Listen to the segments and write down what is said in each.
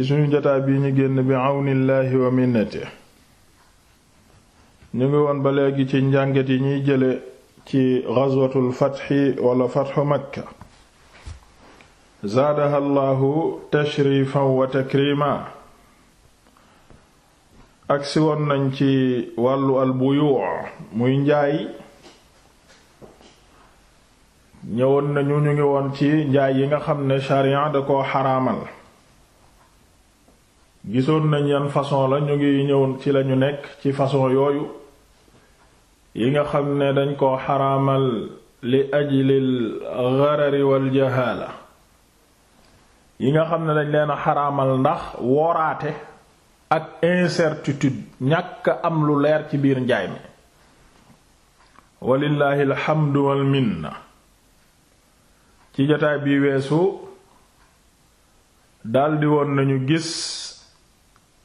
ci suñu jotaay bii ñu génn bi àwnillaahi wa minnati ñu ngi woon ba léegi ci njàngat yi ñuy jële ci ghazwatul fatxi wala fatxu makka zaadaha allahu tashrifan wa takrima agsi woon nañ ci wàllu al buyu muy njaay ñëwoon nañu ñu ngi woon ci njaay yi nga xam ne sharia da koo xaraamal gisoon nañ yan façon la ñu ngi ñëw ci lañu nekk ci façon yooyu yi nga xam ne dañ koo xaraamal li ajlil gharari wal yi nga xam ne dañ leen xaramal ndax woraate ak incertitude ñàkk am lu leer ci biir njaay mi walillaahi alxamdu wal minna ci jotaay bi weesu daldi woon nañu gis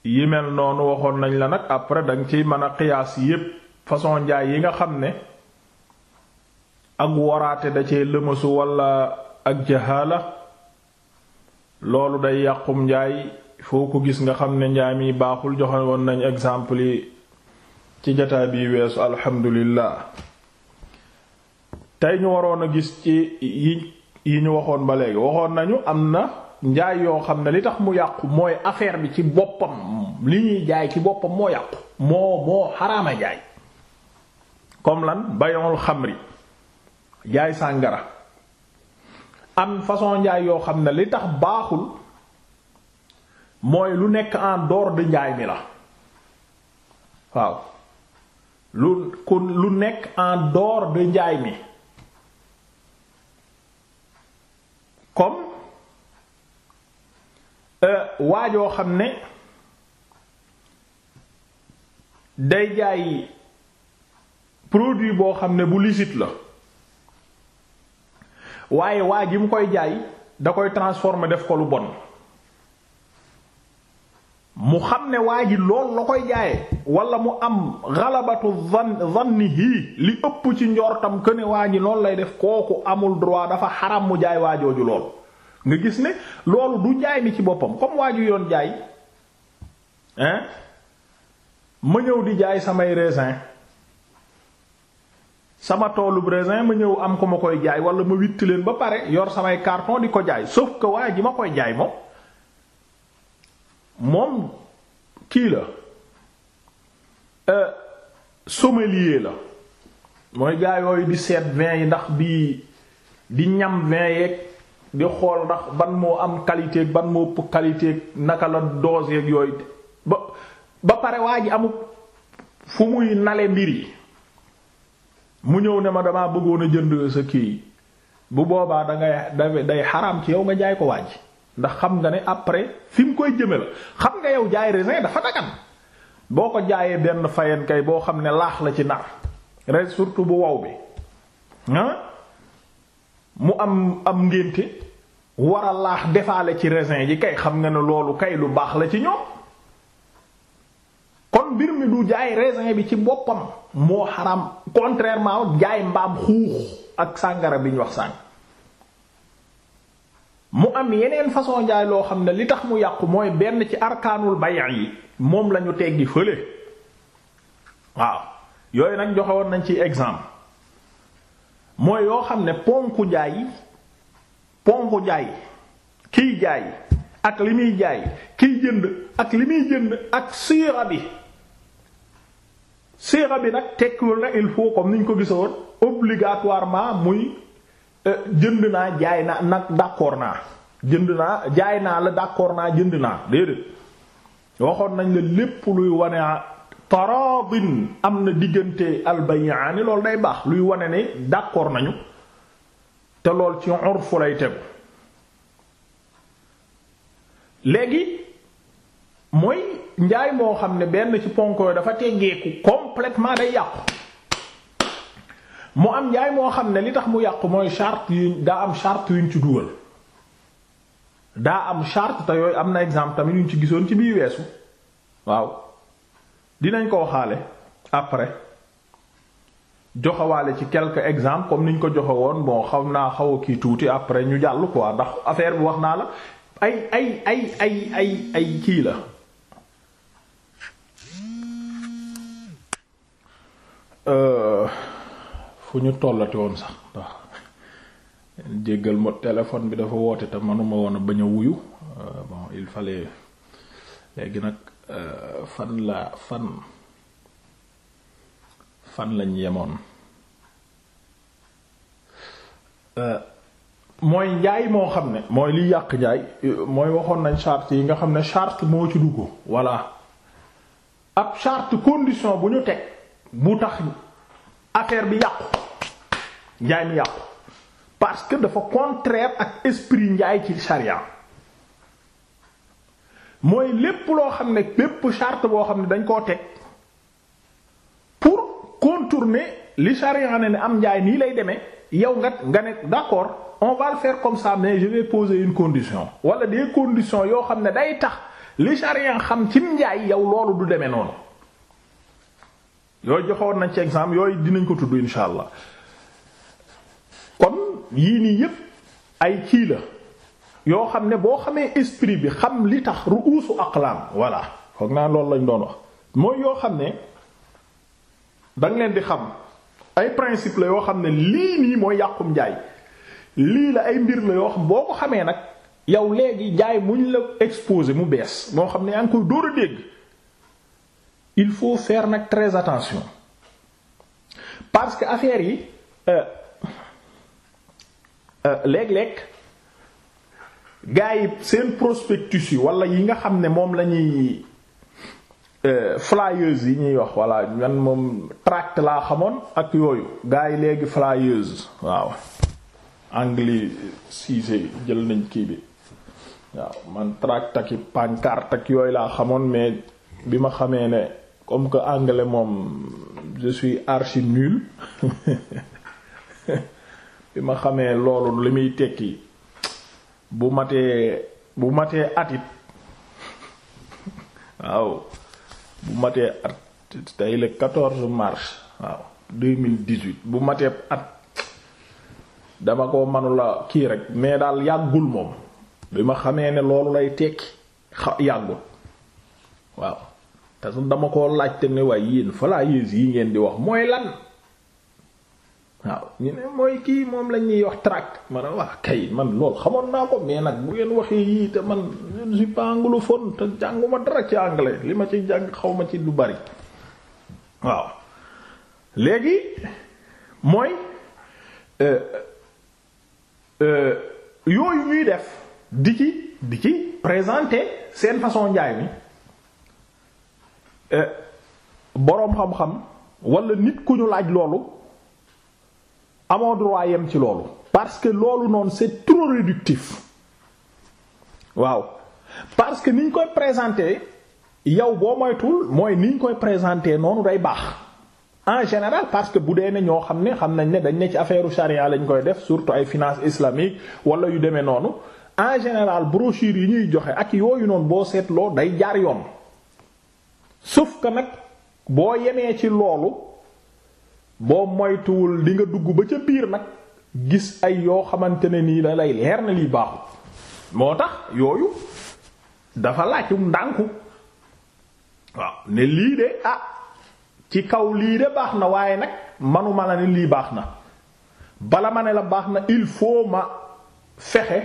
yi mel noonu waxoon nañ la nag après danga ciy mën a qiyaas yépp façon njaay yi nga xam ne ak waraate da cee lëmasu walla ak jahaala loolu day yàqum njaay foo ko gis nga xam ne njaay mii baaxul joxe woon nañ exemple yi ci jataa bi weesu alhamdulillah tey ñu waroon a gis ci yi yi ñu waxoon ba léegi waxoon nañu am na njaay yoo xam ne li tax mu yàqu mooy affaire bi ci boppam li ñuy jaay ci boppam moo yàqu moo moo xaraama jaay comme lan bayonul xamri jaay sàngara am façon njaay yoo xam ne li tax baaxul mooy lu nekk en dehors de njaay mi la waaw lu kon lu nekk en door de njaay mi comme waajoo xam ne day jaay produit boo xam ne bu licite la waaye waa ji mu koy jaay da koy transformer def ko lu bon mu xam ne waa ji lool la koy jaaye wala mu am xalabatu zan zannihi li ëpp ci njortam que ne waa ji loolu lay def kooku amul droit dafa xaram mu jaay waajooju lool nga gis ne loolu du jaay mi ci boppam comme waa ju yoon jaay hein ma ñëw di jaay samay raisin sama toolub raisin ma ñëw am ko ma koy jaay wala ma witti leen ba pare yor samay carton di ko jaay sauf ko waa ji ma koy jaay moom moom kii la euh, sommelier la mooy gaa yooyu di seet vin yi ndax bi di ñam vin yeeg di xool ndax ban moo am qualité ban moo ëpp qualité naka la dose yeeg yooyu ba ba pare waa ji amul fu muy nale mbir yi mu ñëw ne ma dama bëggoon a jënd sa kii bu boobaa da day day xaraam ci yow nga jaay ko waaj ndax xam nga ne après fi mu koy jëme la xam nga yow jaay raisin dafa dagan boo ko jaayee benn fayen kay boo xam ne laax la ci nar rek surtout bu wow bi mu am am ngénte war a laax defaale ci raisin yi kay xam nga ne loolu kay lu baax la ci ñoom kon mbir mi du jaay raisin bi ci boppam moo xaram contrairement jaay mbaam xuux ak sàngara bi ñu wax sàng mu am yeneen façon njaay loo xam ne li tax mu yàqu mooy benn ci arkaanul bay yi moom lañu teggi fële waaw yooyu nag joxewoon nañ ci exemple mooy yoo xam ne ponku jaay ponku jaay kiy jaay ak li muy jaay kiy jënd ak li muy jënd ak siira bi siira bi nag tekkiwul na il faut comme ni ñu ko gisoon obligatoirement muy euh, jënd naa jaay na nag d'accord naa jënd naa jaay naa la d'accord naa jënd naa déedéet waxoon nañ la lépp luy wane taraadin am na diggante albayaani loolu day baax luy wane ne d'accord nañu te lool ci urfu lay tegu léegi mooy njaay moo xam ne benn ci ponk ponko dafa teggeeku complètement day yàqu mu am njaay moo xam ne li tax mu yàqu mooy charte yi daa am charte yuñ ci dugal daa am charte te yooyu am na exemple tamit yuñ ci gisoon ci biir weesu waaw dinañ ko waxaale après joxawaale ci quelques exemple comme niñ ko joxe woon bon xaw naa xaw kii tuuti après ñu jàll quoi ndax affaire bi wax naa la ay ay ay ay ay kii la euh, fu ñu tollati woon sax ndax jéggal ma téléphone bi dafa woote te manuma woon a bañ a wuyu euh, bon il fallait léegi nag Euh, fan la fan fan lañ yemoon euh, mooy njaay moo xam ne mooy liy yàq njaay mooy waxoon nañ charte yi nga xam ne charte moo ci dugg voilà ab chart condition bu ñu teg bu tax affaire bi yàqu njaay mi yàqu parce que dafa contraire ak esprit njaay ci charia mooy lépp loo xam ne bépp charte boo xam ne dañ koo teg pour contourner li charia ne ne am njaay nii lay demee yow nga nga ne d'accord on va le faire comme ça mais je vais une condition wala des condition yoo xam ne day tax li charia xam ci njaay yow loolu du demee noonu yooyu joxoon nañ ci exemple yooyu dinañ ko tudd insha allah kon yii nii yépp ay kii la yoo xam ne boo xamee esprit bi xam li tax ruusu aqlaam voilà foog naa loolu lañ doon wax mooy yoo xam ne danga leen di xam ay principe la yoo xam ne lii nii mooy yàqum njaay lii la ay mbir la yoo xam boo ko xamee nag yow léegi jaay muñ la exposé mu bees moo xam ne yaa ngi koy dóor a dégg il faut faire nag très attention parce que affaire yi euh, euh, léeg-léeg gars yi seen prospectus yi wala yi nga xam ne moom la ñuy euh, flyers yi ñuy wax voilà man moom tract laa xamoon ak yooyu gaa yi léegi flyers waaw anglais siise jël nañ kii bi waaw man tract ak pancarte ak yooyu laa xamoon mais bi ma xamee ne comme que anglais moom je suis bi ma xamee loolu li muy tekki bu matee bu matee atit waaw bu matee at tey le 14 mars waaw 2018 bu matee at dama ko manula kii rek mais daal yàggul moom bi ma xamee ne loolu lay tekki xa yàggul waaw te dama koo laajte ne waaye yéen falaa yées yi ngeen di wax mooy lan waaw ñu ne mooy kii moom lañ ñuy wax tract ma ne waa kay man loolu xamoon naa ko mais nag bu ngeen waxee yii te man je ne suis pas anglophone te jànguma dara ci anglais li ma ci jàng xaw ma ci lu bari waaw léegi mooy euh, euh, yooyu ñuy def di ci di ci présenté seen façon njaay mi euh, boroom xam-xam walla nit ku ñu laaj loolu. amoo droit yem ci loolu parce que loolu noonu c'est trop réductif waaw parce que niñ koy présenter yow boo moytuwul mooy niñ koy présenter noonu day baax en général parce que bu dee ne ñoo xam ne xam nañ ne dañ ne ci affaire charia lañ koy def surtout ay finance islamique wala yu demee noonu en général brochure yi ñuy joxe ak yooyu noonu boo seetloo day jaar yoon sauf que nag boo yemee ci loolu. boo moytuwul di nga dugg ba ca biir nag gis ay yoo xamante ne nii da lay leer na liy baaxul moo tax yooyu dafa laajum ndànku waaw ne lii de ah ci kaw lii de baax na waaye nag manuma la ne lii baax na bala ma ne la baax na il foo ma fexe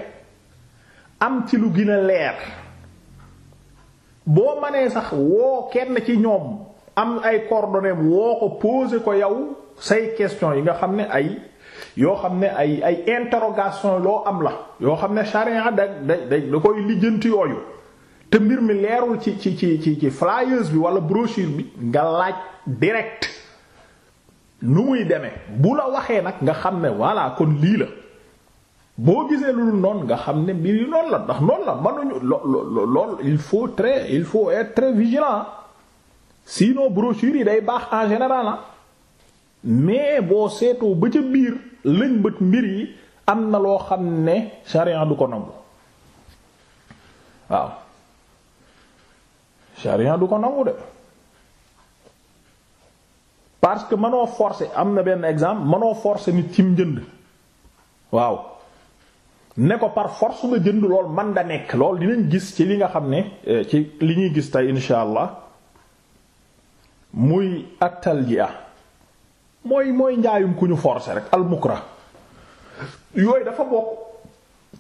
am ci lu gën leer boo manee sax woo kenn ci ñoom am ay coordonnées woo ko poser ko yow say question yi nga xam ne ay yoo xam ne ay ay interrogation loo am la yoo xam ne charia da da da koy lijjanti yooyu te mbir mi leerul ci ci ci ci ci flyers bi wala brochure bi nga laaj direct nu muy demee bu la waxee nag nga xam ne voilà kon lii la boo gisee lu noonu nga xam ne mbir yi noonu la ndax noonu la mënuñu lo lo lool il faut très il faut être très vigilant sinon brochure yi day baax en général ah. mais boo seetoo ba ca biir lañ mbir yi am na loo xam ne sharia du ko nangu waaw sharia du ko nangu de parce que mënoo force am na benn exemple mënoo forcer nit ci mu jënd waaw ne ko par force nga jënd lool man da nekk lool dinañ gis ci li nga xam ne eh, ci li ñuy gis tey insha allah muy at-talji'a mooy mooy njaayum ku ñu forcer rek al-mukra yooyu dafa bokk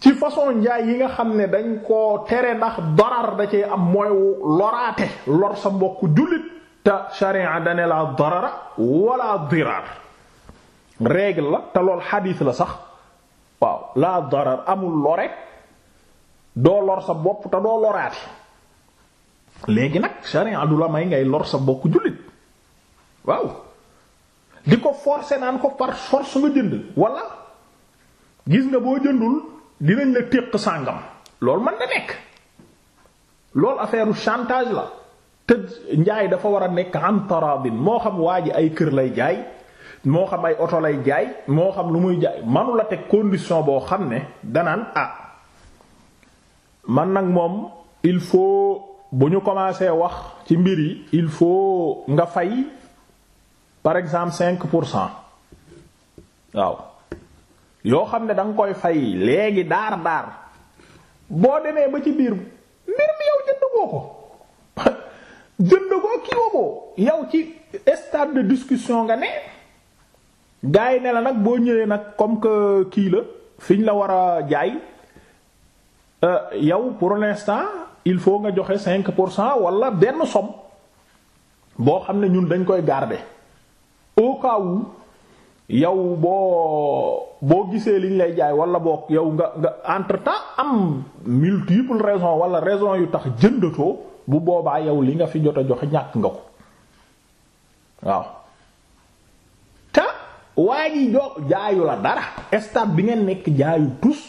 ci façon njaay yi nga xam ne dañ koo tere ndax darar da cee am mooy loraate lor sa mbokk jullit te sharia dane la darara wala dirar règle la te lool xadiis la sax waaw la darar amul lore doo lor sa bopp te doo loraate léegi nag sharia du may ngay lor sa bokk jullit waaw di ko forcer naan ko par force nga jënd wala gis nga boo jëndul dinañ la téq sàngam lool man da nekk loolu affaire chantage la te njaay dafa war a nekk an taradin moo xam waa ji ay kër lay jaay moo xam ay oto lay jaay moo xam lu muy jaay manu la teg condition boo xam ne danaan ah man nag moom il faut bu ñu commencé wax ci mbir yi il faut nga fay par exemple cinq pour cent waaw yoo xam ne da nga koy fay léegi daar daar boo demee ba ci biir mbir mi yow jënd goo ko jënd goo kii woo yow ci stade de discussion nga ne gars yi ne la nag boo ñëwee nag comme que kii la fiñ la war a jaay euh, yow pour l'instant. il faut nga joxe cinq pour cent wala benn somme boo xam ne ñun dañ koy garder au cas yow boo boo gisee liñ lay jaay wala boo yow nga nga entre-temps am multiple raison wala raison yu tax jëndatoo bu boobaa yow li nga fi jot a joxe ñàkk nga ko waaw te waa ji jo jaayu la dara stade bi ngeen nekk jaayu tous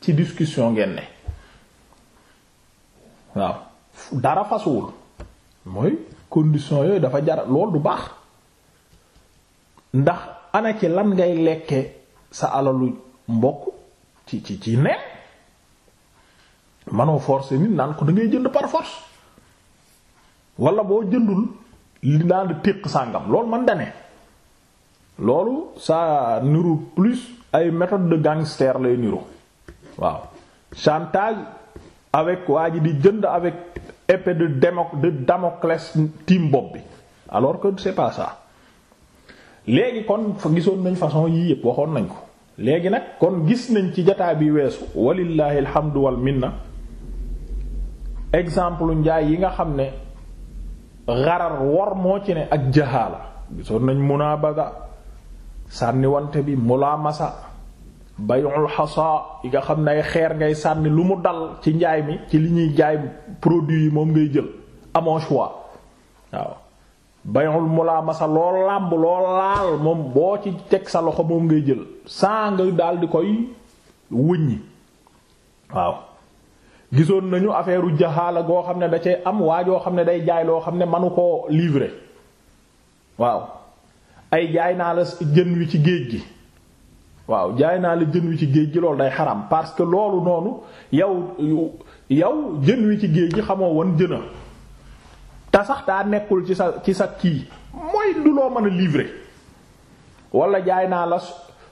ci discussion ngeen ne waaw dara fasuwul mooy condition yooyu dafa jar lool du baax ndax ana ci lan ngay lekke sa alalu mbokk ci ci ci neen manoo forcé nit naan ko da jënd parforce force wala boo jëndul li daan téq sàngam loolu man dane loolu ça niru plus ay méthode de gangster lay niru waaw chantage avec waa ji di jënd avec épée de Démoc de Damoclès tiim bopp bi alors que c'est pas léegi kon fa gisoon nañ façon yii yëpp waxoon nañ ko léegi nag kon gis nañ ci jataa bi weesu walillahi alhamdu wal minna exemple njaay yi nga xam ne xarar wor moo ci ne ak jahaala gisoon nañ munaabaga wante bi masa bayul xasa yi nga xam ne ay xeer ngay sànni lu mu dal ci njaay mi ci li ñuy jaay produit yi moom ngay jël amoo choix waaw bayul mulaamasa loo làmb loo laal moom boo ci teg sa loxo moom ngay jël saa nga daal di koy wëññi waaw gisoon nañu affaire u jaxaala goo xam ne da cay am waa joo xam ne day jaay loo xam ne manu koo livrer waaw ay jaay naa la jën wi ci géej gi waaw jaay naa la jën wi ci géej gi loolu day xaram parce que loolu noonu yow yow jën wi ci géej gi xamoo woon jëna te sax daa nekkul ci sa ci sa kii mooy du loo mën a livrer wala jaay naa la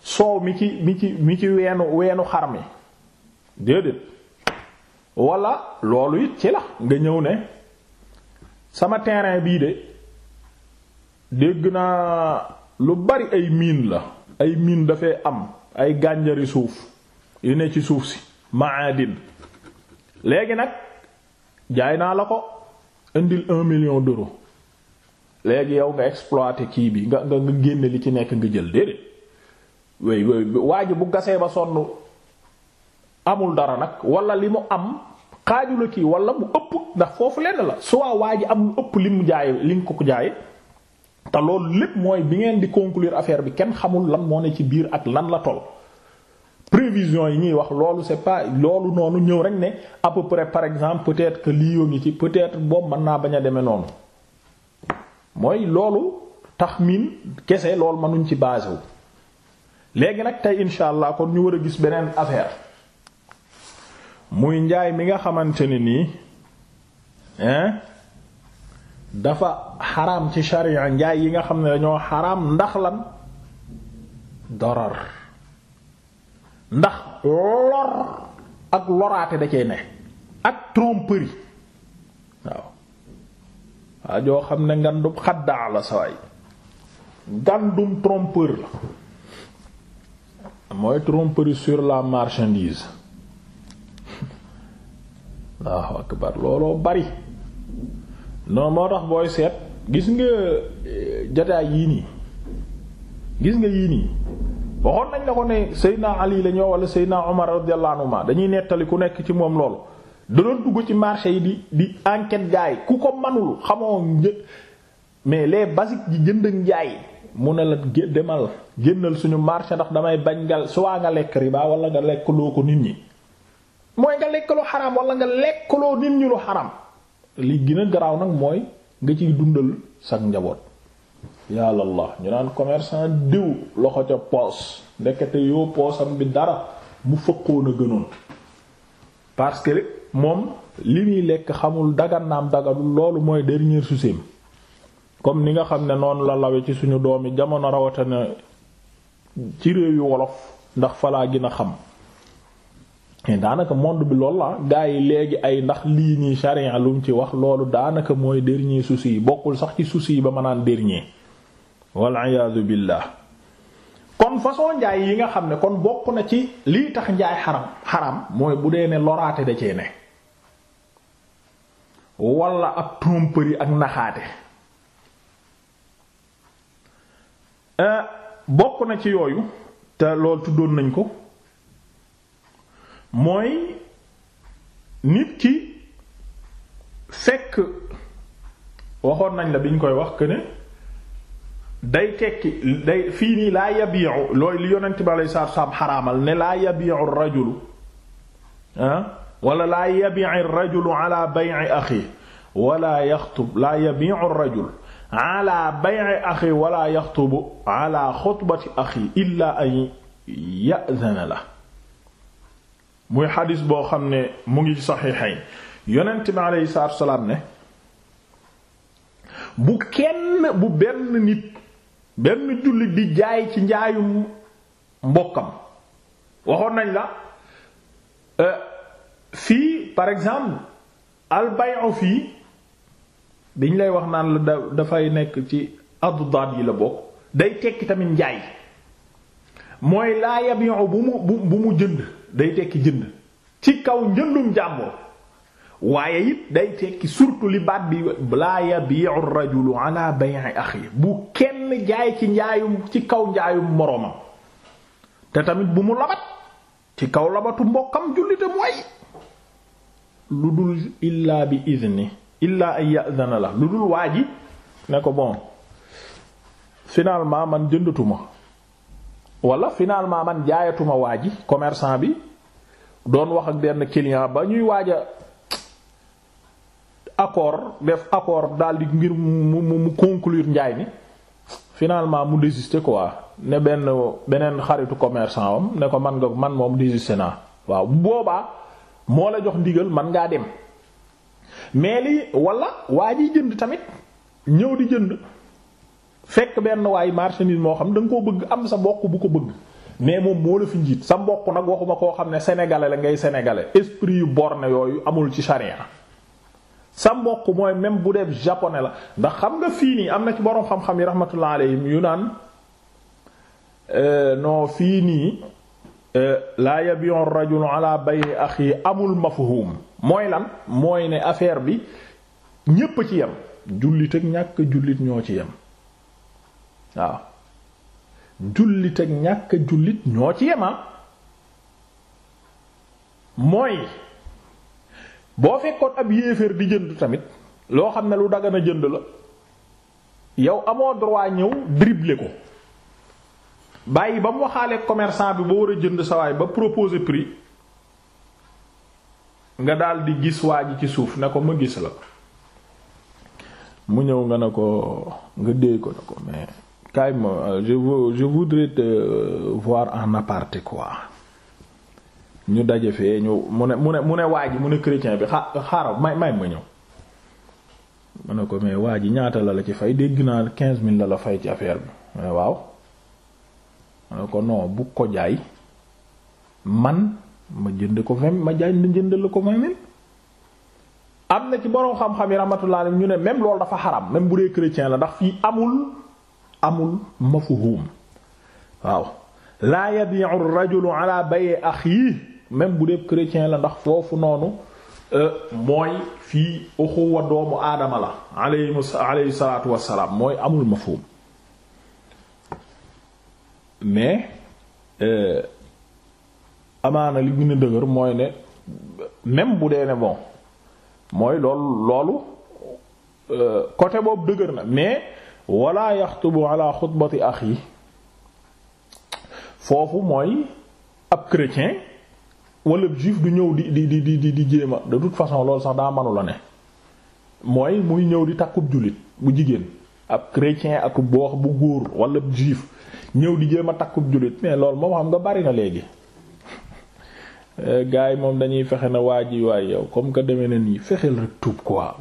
soow mi ci mi ci mi ci weenu weenu xar mi déedéet wala loolu it ci la nga ñëw ne sama terrain bii de dégg naa lu bari ay miin la ay miin dafay am ay gànjari suuf yu ne ci suuf si maadin léegi nag jaay naa la ko indil un million d'euros léegi yow nga exploiter kii bi nga nga génne li ci nekk nga jël déedéet way way waa ji bu gasee ba sonn amul dara nag wala li mu am xaaju la kii wala mu ëpp ndax foofu lenn la soit waa ji am ëpp li mu jaaye li nga ko jaaye te loolu lépp mooy bi ngeen di conclure affaire bi kenn xamul lan moo ne ci biir ak lan la toll prévision yi ñuy wax loolu c'est pas loolu noonu ñëw rek ne à peu près par exemple peut-être que lii yoo ci peut-être boobu mën naa bañ a demee noonu mooy loolu taxmin kese loolu mënuñ ci basé wu. léegi nag tey incha allah kon ñu war a gis beneen affaire muy njaay mi nga xamante ne nii dafa xaram ci sharia njaay yi nga xam ne dañoo xaram ndax lan darar ndax lor ak loraate da cee ne ak tromperie waaw waa joo xam ne ngandum xaddaa la saway ngandum trompeur la mooy tromperie sur la marchandise Allahu looloo bari non moo tax booy seet gis nga eh, jataay yii nii gis nga yii nii waxoon nañ nga ko ne Seydina Ali la ñoo wala Seydina Omar radiyallahu dañuy nettali ku nekk ci moom loolu da dugg ci marché yi di di enquête gaay ku ko manul xamoo mais lee basiques ji jënd njaay mu ne la demal génnal suñu marché ndax damay bañ nga soit nga lekk riba wala nga lekkaloo ko nit ñi mooy nga lekkaloo xaraam wala nga lekkaloo nit ñi lu xaraam li gina a garaaw nag mooy nga ciy dundal sag njaboot yàlla la ñu naan commerçant diw loxo ca poos ndekete yoo poosam bi dara bu fëqoon a gënoon parce moom li muy lekk xamul dagan naam daganul loolu mooy dernier souci comme ni nga xam ne noonu la lawe ci suñu doom doomi jamono rawatina ci réew yu wolof ndax falaa gën a xam daanaka monde bi loolu la gars yi léegi ay ndax lii nii charia lu ci wax loolu daanaka mooy dernier souci yi bokkul sax ci souci yi ba ma naan dernier walla iyaazu billaah kon façon njaay yi nga xam ne kon bokk na ci lii tax njaay xaram xaram bu dee ne loraate da cee ne wala ak tromperie ak naxaate eh, bokk na ci yooyu te loolu tuddoon nañ ko mooy nit ki fekk waxoon nañ la biñ koy wax que ne day tekki day fii nii laa yabi'u looy li yonent bi aleyhi salaatu salaam xaraamal ne laa yabi'u rajulu ah wala laa yabi'u rajulu ala bay'i axi wala yaxtub laa yabi'u rajul ala bay'i axi wala yaxtubu ala xutbati axi illa an ya'zana la muy xadis boo xam ne mu ngi ci saxiixayn yonent bi aleyhi salaatu ne bu kenn bu benn nit benn jullit bi jaay ci njaayum mbokkam waxoon nañ la euh, fii par exemple al fii dañ lay wax naan la dafay nekk ci addaad yi la bokk day tekki tamit njaay mooy laa yabi'u bu mu bu mu jënd day tekki jënd ci kaw njëndum jàmbur waaye it day tekki surtout li baat bi laa yabi'u rajulu ala bay'i axi bu kenn jaay ci njaayum ci kaw njaayum moroomam te tamit bu mu labat ci kaw labatu mbokkam jullite mooy lu dul illaa bi izni illaa ay ya'zana la lu dul waa ji ne ko bon finalement man jëndatuma wala finalement man jaayatuma waa ji commerçant bi doon wax ak benn client ba ñuy waaja a accord def accord daal di ngir mu mu conclure njaay mi finalement mu ko quoi ne benn beneen xaritu commerçant am ne ko man nga man moom désister naa waaw boobaa moo la jox ndigal man ngaa dem mais lii waa ji jënd tamit ñëw di jënd. fekk benn waay marchandise moo xam da nga koo bëgg am sa mbokk bu ko bëgg mais moom moo la fi njiit sa mbokk nag waxuma koo xam ne sénégalais la ngay sénégalais esprit yu borné yooyu amul ci charia sa mbokk mooy même bu dee japonais la ndax xam nga fii nii am na ci boroom xam-xam yi rahmatullah alayhim yu naan euh, non fii nii euh, la yabi'u ar-rajulu ala bay'i amul mafhum mooy lan mooy ne affaire bi ñépp ci yem jullit ak ñàkk jullit ñoo ci yem waaw jullit ak ñàkk jullit ñoo ci yema ah. mooy boo fekkoon ab yéeféer di jënd tamit loo xam ne lu dagan a jënd la yow amoo droit ñëw dribbler ko bàyyi ba mu waxaale commerçant bi ba war a jënd sawaay ba proposer prix nga daal di gis waa ji ci suuf ne ko ma gis la mu ñëw nga ne ko nga déey ko ne ko mais kaay ma euh, je je voudrais te euh, voir en aparté quoi ñu daje fee ñu mu ne mu ne mu ne waa ji mu ne chrétien bi xa may may ma ñëw. ma ne ko mais waa ji ñaata la la ci fay dégg naa quinze mille la la fay ci affaire bi mais waaw ma ne ko non bu ko jaay man ma jënd ko vingt ma jaay jënd la ko vingt mille am na ci borom xam-xam yi rahmatullah ñu ne même loolu dafa xaram même bu dee chrétien la ndax fii amul. amul mafhum waaw laa yabi'u ar-rajulu ala bay'i akhihi même bu dee chrétien la ndax foofu noonu euh, mooy fii uxuwa doomu aadama la alayhi salaatu mooy amul mafhum mais euh, amaana li gën a dëgër mooy ne même bu dee ne bon mooy loolu loolu euh, boobu dëgër na mais wala yaxtubu ala xutbati axi foofu mooy ab chrétien wala juif du ñëw di di di di di jéema de toute façon loolu sax daa mënu la ne mooy muy ñëw di takkub jullit bu jigéen ab chrétien ak boo bu góor walla juif ñëw di jéem a takkub jullit mais loolu moom xam nga bari na léegi eh, gars yi moom dañuy fexe na waa ji waay comme que demee na nii fexeel rek tuub quoi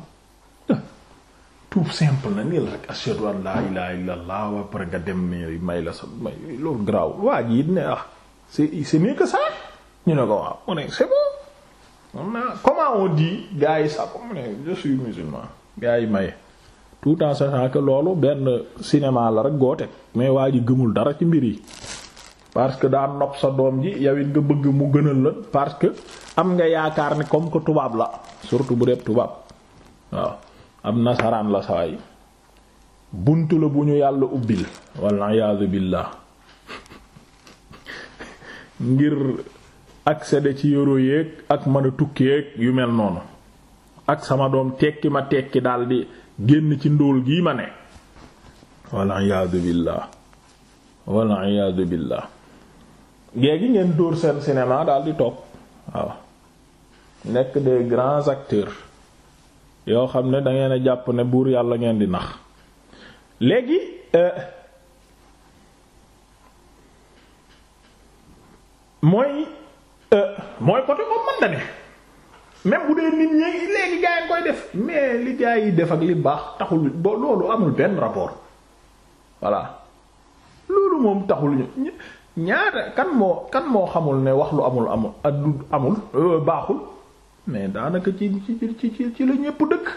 tout simple na nii la rek ashhadu an laa ilaha illa allah wa pare nga dem ni may la sa may loolu graw waa ji it ne ah c'est c'est mieux que ça ñu ne ko waaw mu ne c'est bon yi sax mu ne je yi maye tout en sachant que loolu benn cinéma la rek goote mais waa ji gëmul dara ci mbir yi parce que daa nopp sa doom ji yow it nga bëgg mu gënal la parce que am nga yaakaar ne comme que tubaab la surtout bu dee tubaab waaw am nasaraan la sawaay bunt la bu ñu yàlla ubbil walla iyaathu billaah ngir ci yoro yéeg ak mën tukki yéeg yu mel noonu ak sama doom tekki ma tekki daldi génn ci ndóol gii ma ne walla iyaathu billaah walla iyaathu billaah géegi ngeen dóor seen cinéma daldi toog waaw nekk des grands acteurs yoo xam ne dangeen a jàpp ne buur yàlla ngeen di nax léegi euh, mooy euh, mooy côté boobu man da ne même bu dee nit ñi léegi gaa yi koy def mais li gaa yi def ak li baax taxul ba loolu amul benn rapport voilà loolu moom taxul ñu ñaata kan moo kan moo xamul ne wax lu amul amul addu amul euh, baaxul mais daanaka ci ci ci ci la ñépp dëkk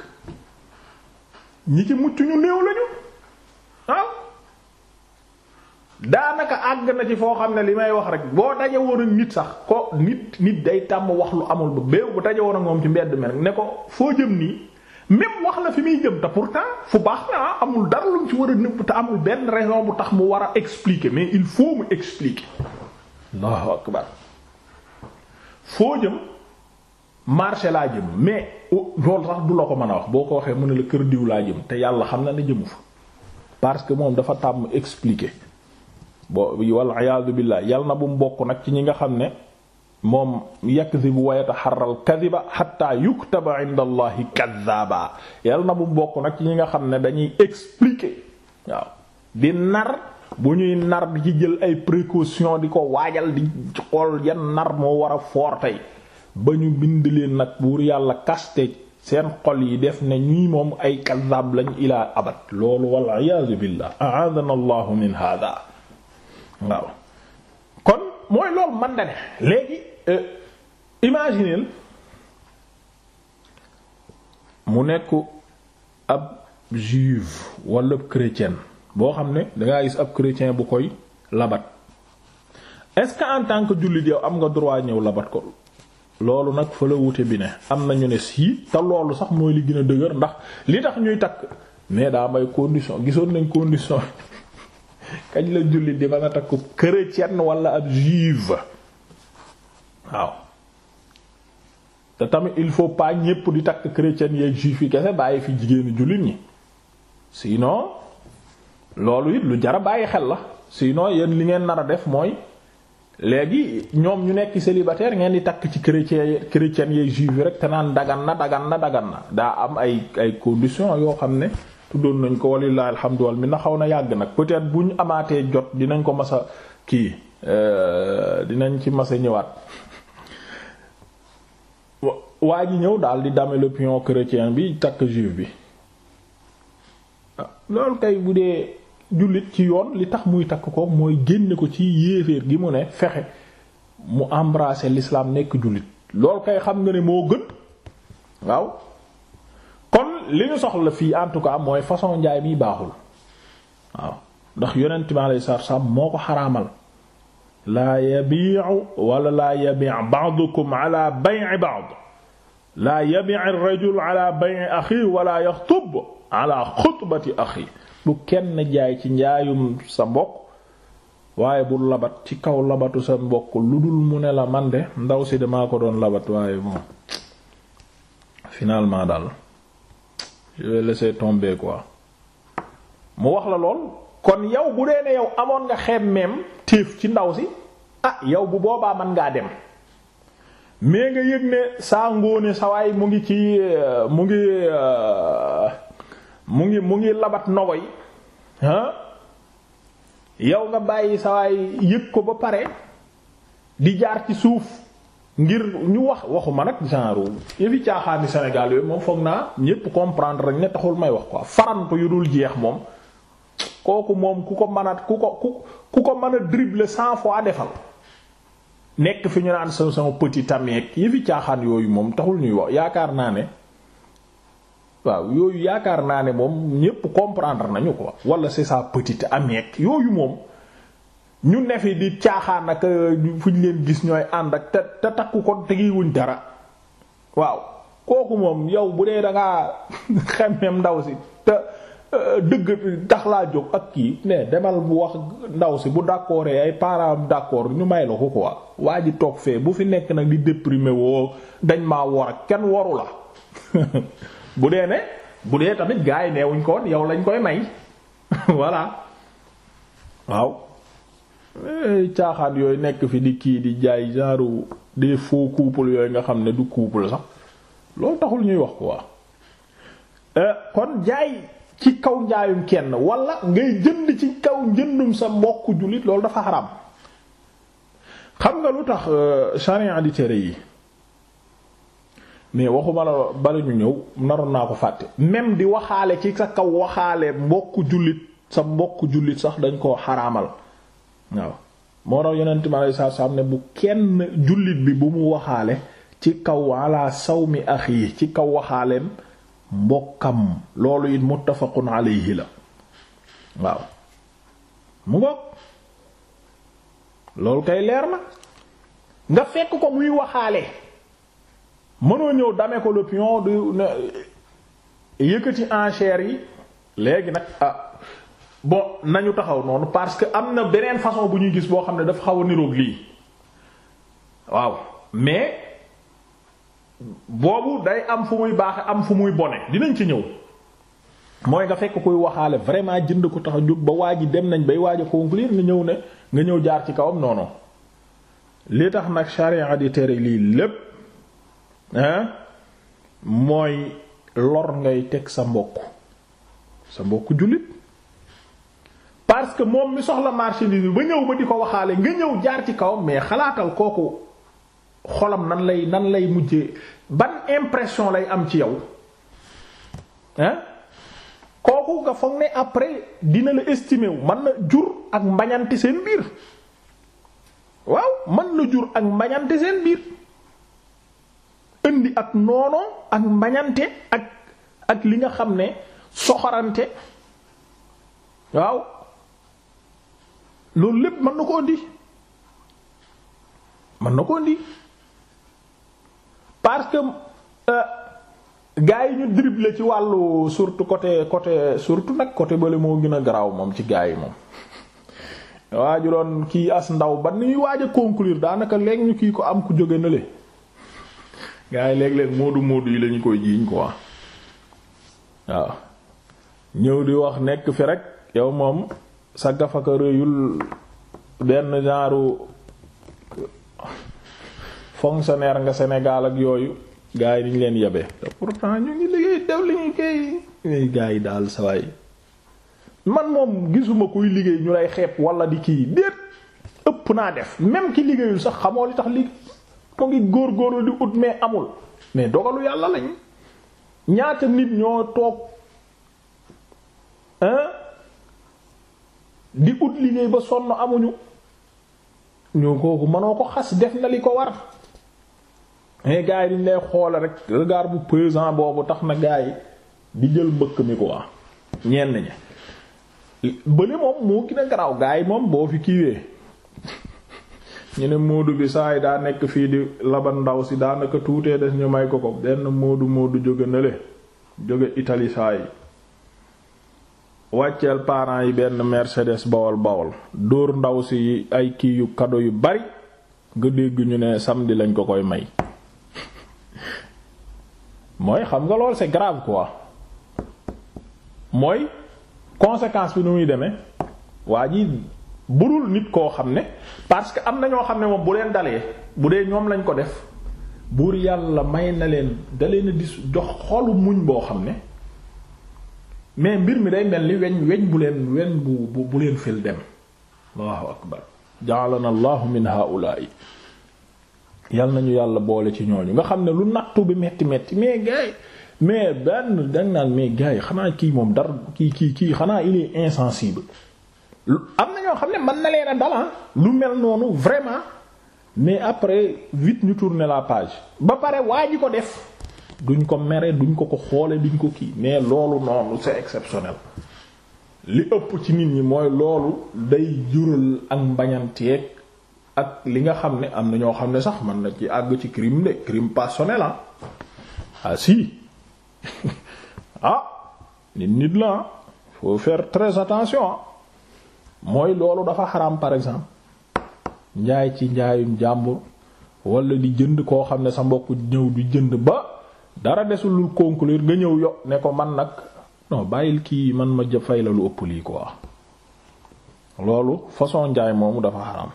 ñi ci mucc ñu néew lañu waaw daanaka àgg na ci foo xam ne li may wax rek boo daje woon ak nit sax ko nit nit day tàmm wax lu amul ba béew bu daje woon ak moom ci mbedd mi rek ne ko foo jëm nii même wax la fi muy jëm te pourtant fu baax na ah, amul dara luñ ci war a nëbb te amul benn raison bu tax mu war a expliquer mais il faut mu expliquer Allahu foo jëm. marché laa jëm mais oh, loolu sax du la ko mën a wax boo ko waxee mu ne la kër diw laa jëm te yàlla xam na ne jëmu fa parce que moom dafa tàmm expliquer bo wal iyaadu billah yal na bu mu bokk nag ci ñi nga xam ne moom yakdibu wa yataharral kadiba hatta yuktaba inda allahi kadaba yal na bu mu nag ñi nga xam ne dañuy expliquer waaw di nar bu ñuy nar di ci jël ay précaution di ko waajal di xool yan nar moo war a foor tey ba ñu bind leen nag buur yàlla kaste seen xol yi def na ñuy moom ay kazaab lañ ilaa abad loolu wal iyaazu billah a'adana allahu min hada waaw kon mooy loolu man léegi euh, imagineel mu nekk ab juif wala ab chrétien boo xam ne dangaa gis ab chrétien bu koy labat est-ce que en tant jullit yow am nga droit ñëw labat ko loolu nag fa la wute bi ne am na ñu ne sii te loolu sax mooy li gën a dëgër ndax li tax ñuy takk mais daa may condition gisoon nañ condition kañ la jullit di mën a takku chrétienne wala ab juive waaw te tamit il faut pas ñépp di takk chrétienne yeeg juif yi kese bàyyi fi jigéenu jullit ñi sinon loolu it lu jara bàyyi xel la sinon yéen li ngeen nar a def mooy léegi ñoom ñu nekk célibataire ngeen di takk ci chrétien chrétiens yay juif rek te naan dagan na dagan na dagan na daa am ay ay conditions yoo xam ne tuddoon nañ ko walilahi alhamdu mi minna xaw na yàgg nag peut-être bu ñu amaatee jot dinañ ko mas a kii euh, dinañ ci mas ñëwaat waa ji ñëw daal di dame le chrétien bi takk juif bi ah, loolu kay bu dee jullit ci yoon li tax muy takk ko mooy génne ko ci yéeféer gi mu ne fexe mu embrasser lislaam nekk jullit loolu kay xam nga ne moo gën waaw kon li ñu soxla fii en tout cas mooy façon njaay mi baaxul waaw ndax yonent bi alayhi moo ko xaramal laa yabi'u wala laa yabi' ba'dukum ala bay'i ba'd laa yabi'u ar-rajulu ala xutbati axi bu kenn jaay ci njaayum sa mbokk waaye bu labat ci kaw labatu sa mbokk lu dul mu ne la man de ndaw si damaa ko doon labat waaye bon finalement daal je vais laisser tomber quoi mu wax la lool kon yow bu dee ne yow amoon nga xemmeem téef ci ndaw si ah yow bu boobaa mën ngaa dem mais nga yëg ne saa ngóone sawaay mu ngi ci euh, mu ngi euh, mu ngi mu ngi labat nogoy ah? yow nga bàyyi sawaay yëg ko ba pare di jaar ci suuf ngir ñu wax waxu ma nag genre yëfi caaxaani Sénégal yooyu moom foog naa ñépp comprendre rek ne taxul may wax quoi farantu yu dul jeex moom kooku moom ku ko mën a ku ko ku ku ko mën a dribbler cent fois defal nekk fi ñu naan sama sama petit tamit yëfi caaxaan yooyu moom taxul ñuy wax yaakaar naa ne. waaw yooyu yaakaar naa ne moom ñépp comprendre nañu ko wala c'est ça petite amiek yooyu moom ñu ne fi di caaxaan ak fu euh, ñu leen gis ñooy ànd ak te takku ko tegiwuñ dara waaw kooku moom yow bu dee da ngaa xemmeem ndaw si te euh, dëgg tax laa jóg ak kii ne demal bu wax ndaw si bu d'accord ay parents d'accord ñu may la ko ko waa ji toog fee bu fi nekk nag di déprimer woo dañ maa war kenn woru la bu dee ne bu dee tamit gars yi neewuñ ko yow lañ koy may voilà waaw eh, caaxaat yooyu nekk fi di kii di jaay genre des faux couple yooyu nga xam ne du couple sax loolu taxul ñuy wax ko quoi eh, kon jaay ci kaw njaayum kenn walla ngay jënd ci kaw njëndum sa mbokku jullit loolu dafa xaram xam nga lu tax charia eh, di tere yi mais waxuma la bala ñu ñëw naroon naa ko fàtte même di waxaale ci sa kaw waxaale mbokku jullit sa mbokku jullit sax dañ koo xaraamal waaw moo tax yonent mi alayhi salaatu salaam ne bu kenn jullit bi bu mu waxaale ci kaw saw mi axi ci kaw waxaaleem mbokkam loolu it muttafaqun alayhi la waaw mu ngoog loolu kay leer na nga fekk ko muy waxaale mënoo ñëw dame ko le pion du yëkkati enchère yi léegi nag ah bon nañu taxaw noonu parce que am na beneen façon bu ñuy gis boo xam ne dafa xaw a niroog lii waaw mais boobu day am fu muy baax am fu muy bone dinañ ci ñëw mooy nga fekk kuy waxaale vraiment jënd ko tax a jóg ba waa ji dem nañ bay waaj a conclure nga ñëw ne nga ñëw jaar ci kawam noonu li tax nag charia di tere lii lépp. mooy lor ngay teg sa mbokk sa mbokk jullit parce que moom mi soxla marchandise bi ba ñëw ba di ko waxaale nga ñëw jaar ci kaw mais xalaatal kooku xolam nan lay nan lay mujjee ban impression lay am ci yow hein kooku nga foog ne après dina la estimer wu mën na jur ak mbañante seen biir waaw mën na jur ak mbañante seen biir indi ak noonoo ak mbañante ak ak li nga xam ne soxorante waaw loolu lépp mën na ko indi mën na ko indi parce que euh, gaa yi ñu dribble ci wàllu surtout côté côté surtout nag côté bële moo gën a garaaw moom ci gaa yi moom waaju doon kii as ndaw ba ni ñuy waaj daanaka léegi ñu kii ko am ku jóge na le gaa yi léeg-léeg moodu moodu yi lañu koy jiiñ quoi waaw ñëw di wax nekk fi rek yow moom sa gafaka rëyul benn genre fonctionnaire nga Sénégal ak yooyu gaa yi niñ leen yebee pour pourtant ñu ngi liggéey def li ñu koy ñuy gaa yi daal sawaay man moom gisuma kuy liggéey ñu lay xeeb wala di kii déet ëpp naa def même ki liggéeyul sax xamoo li tax liggéey mu ngi góorgóorlu di ut mais amul mais dogalu yàlla lañ ñaata nit ñoo toog hein di ut liggéey ba sonn amuñu ñoo kooku mënoo ko xas def na li ko war mais gars yi dañ lay xoole rek regard bu pesant boobu tax na gaay bi jël mbëkk mi quoi ñenn ñi bële moom moo gën a garaaw gars yi moom boo fi kiiwee ñu ne moodu bi saa yi daa nekk fii di laban ndaw si daanaka tuutee des ñu may ko ko benn moodu moodu jóge nële jóge Italie saa yi wàcceel parent yi benn Mercedes bawol bawol dóor ndaw si ay kii yu kado yu bari nga dégg ñu ne samdi lañ ko koy may mooy xam nga lool c'est grave quoi mooy conséquence bi nu muy demee waa ji budul nit koo xam ne parce que am na ñoo xam ne moom bu leen dalee bu dee ñoom lañ ko def buur yàlla may na leen da leen dis jox xolu muñ boo xam ne mais mbir mi day mel ni weñ weñ bu leen weñ bu bu leen fil dem allahu akbar ja'alana allahu min haula'i yal nañu yàlla boole ci ñooñu nga xam ne lu nattu bi metti metti mais gaay mais benn dang naan mais gaay xanaa kii moom dara kii kii kii xanaa il insensible am na ñoo xam ne mën na leen a dal ah, lu mel noonu vraiment mais après vite ñu tourner la page ba pare waa ji ko def duñ ko mere duñ ko ko xoole duñ ko kii mais loolu noonu c'est exceptionnel li ëpp ci nit ñi mooy loolu day jural ak mbañanteeg ak li nga xam ne am na ñoo xam ne sax mën na ci àgg ci crime de crime passionnel ah ah si ah nit nit la ah. faut faire très attention ah. mooy loolu dafa xaram par exemple njaay ci njaayum jàmbur wala di jënd koo xam ne sa mbokk ñëw di jënd ba dara desul lu conclure nga ñëw yo ne ko man nag non bàyyil kii man ma fay la lu ëpp lii quoi loolu façon njaay moomu dafa xaram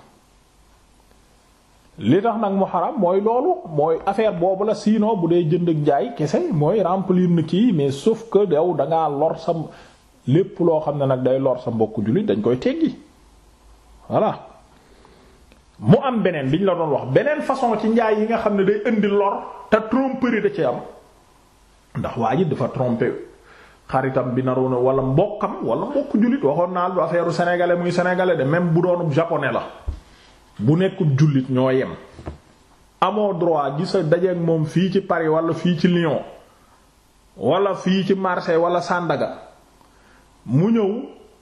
li tax nag mu xaram mooy loolu mooy affaire boobu la sinon bu dee jënd ak jaay kese mooy remplir kii mais sauf que yow dangaa lor sa lépp loo xam ne nag day lor sa mbokku jullit dañ koy teggi voilà mu am beneen bi ñu la doon wax beneen façon ci njaay yi nga xam ne day indi lor te tromperie da ci am ndax waa ji dafa tromper xaritam bi na wala mbokkam wala mbokku jullit waxoon naa lu affaire sénégalais muy sénégalais de même bu doonub japonais la bu nekkub jullit ñoo yem. amoo droit gi sa dajeeg moom fii ci Paris wala fii ci lion wala fii ci Marseille wala sàndaga mu ñëw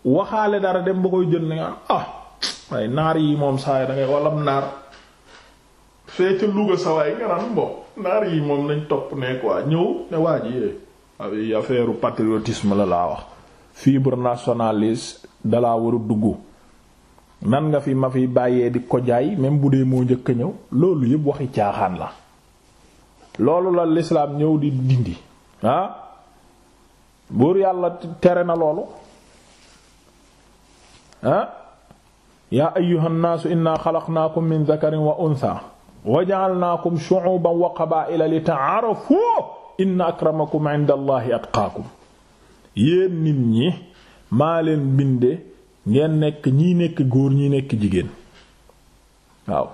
waxaale dara dem ba koy jënd nga ah waaye naar yi moom saa yi da ngay walam naar fee ca Louga sa nga naan bon naar yi moom nañ topp ne quoi ñëw ne waa ji eh, ay affaire la laa wax fibre nationaliste dalaa war a dugg nan nga fi ma fi bàyyee di ko jaay même bu dee moo njëkk a ñëw loolu yëpp waxi caaxaan la loolu la l'islam ñëw di dindi ah buur yàlla tere na loolu ah yaa ayyuhan naasu inna xalaqnaakum min dakarin wa untha wa ja'alnaakum shu'uban wa qabaa'ila li ta'aarafu inna akramakum 'inda allahi atqaakum yéen nit ñi maa leen binde ngeen nekk ñii nekk góor ñii nekk jigéen waaw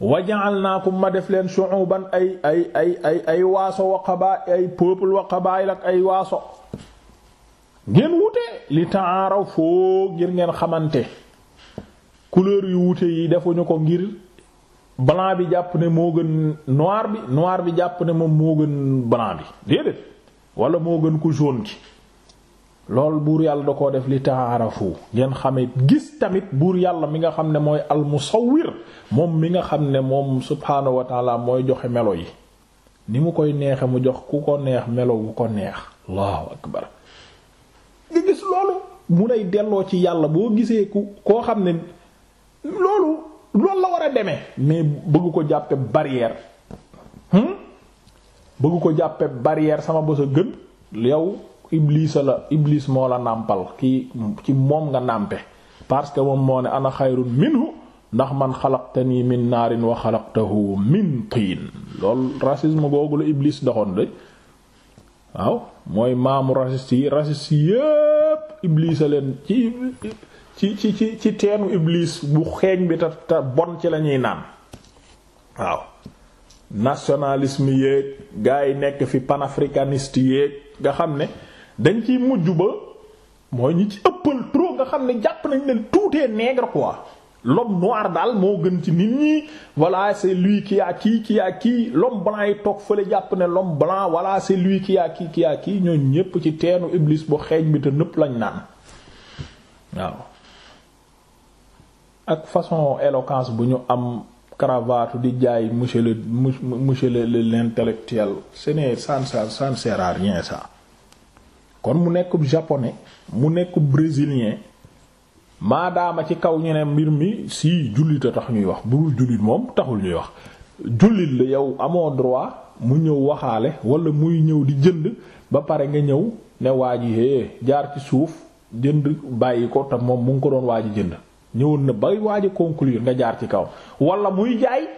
naa ja'alnaakum ma def leen shu'uban ay ay ay ay ay waaso wa qabaa'il ay peuple wa qabaa'il ak ay waaso ngeen wute li ta'aaraw foo ngir ngeen xamante couleur yu wute yi defuñu ko ngir blanc bi jàpp ne moo gën noir bi noir bi jàpp ne moom moo gën blanc bi déedéet wala moo gën ku jaune ki lool buur yàlla da koo def li taarafu ngeen xamee gis tamit buur yàlla mi nga xam ne mooy almusawwir moom mi nga xam ne moom subhaanahu wa mooy joxe melo yi ni mu koy neexe mu jox ku ko neex melo wu ko neex allahu akbar nga gis loolu mu lay delloo ci yàlla boo gisee ku koo xam ne loolu loolu la war a demee mais bëgg ko jàppe barrière hmm? bëgg ko jàppe barrière sama bës a gën yow iblisa la iblis moo la nàmpal kii ci moom nga nàmpe parce que moom moo ne ana xayrun minhu ndax man xalaqtani min naarin wa xalaqtahu min tiin loolu racisme googu la iblis doxoon de waaw mooy maamu raciste yi raciste yépp iblis leen ci ci ci ci ci teenu iblis bu xeeñ bi te te bon ci lañuy naan waaw nationalisme yéeg gaa yi nekk fi panafricaniste yéeg nga xam ne dañ ci mujj ba mooy ñi ci ëppal trop nga xam ne jàpp nañ leen tuutee nègre quoi l'homme noir daal moo gën ci nit ñi voilà c'est lui qui a qui qui a qui l'homme blanc yi toog fële jàpp ne l'homme blanc voilà c'est lui qui a kii qui a qui ñoo ñépp ci teenu iblis bu xeeñ bi te nëpp lañ naan waaw ak façon éloquence bu ñu am cravate di jaay monsieur le monsieur le l'intellectuel ce n'est ça ça ça ne sert à kon mu nekk japone mu nekk brésilien maadaama ci kaw ñu mbir mi si jullit a tax ñuy wax bu dul jullit moom taxul ñuy wax jullit la yow amoo droit mu ñëw waxaale walla muy ñëw di jënd ba pare nga ñëw ne waa ji hee jaar ci suuf jënd bàyyi ko te moom mu ngi ko doon waa ji jënd ñëwoon na bay waa ji conclure nga jaar ci kaw walla muy jaay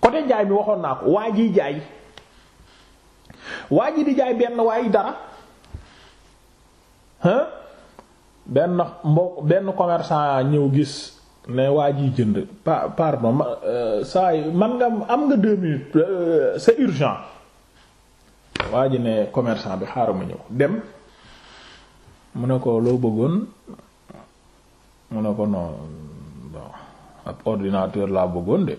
côté jaay mi waxoon naa ko waa jiy jaay waa ji di jaay benn waaye dara benn mbokk benn commerçant ñëw gis ne waa ji jënd pa pardon ma euh, saa yi man nga am nga deux minutes euh, c'est urgent waa ji ne commercant bi xaaral ma ñëw dem mu ne ko loo bëggoon mu ne ko non bon ab ordinateur laa bëggoon de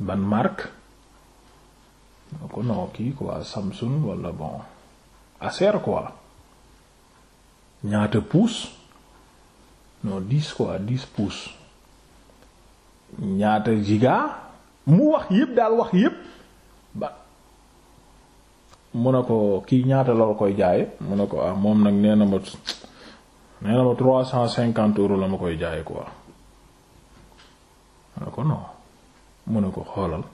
ban marque mu ne ko non kii quoi Samsung wala bon Acer quoi. ñaata pouces non dix quoi dix pouces ñaata giga mu wax yépp daal wax yépp ba mu ne ko kii ñaata la koy jaaye mu ne ko ah moom nag nee na ma nee trois cent cinquante euros la ma koy jaaye quoi mu ne ko non mu ne ko xoolal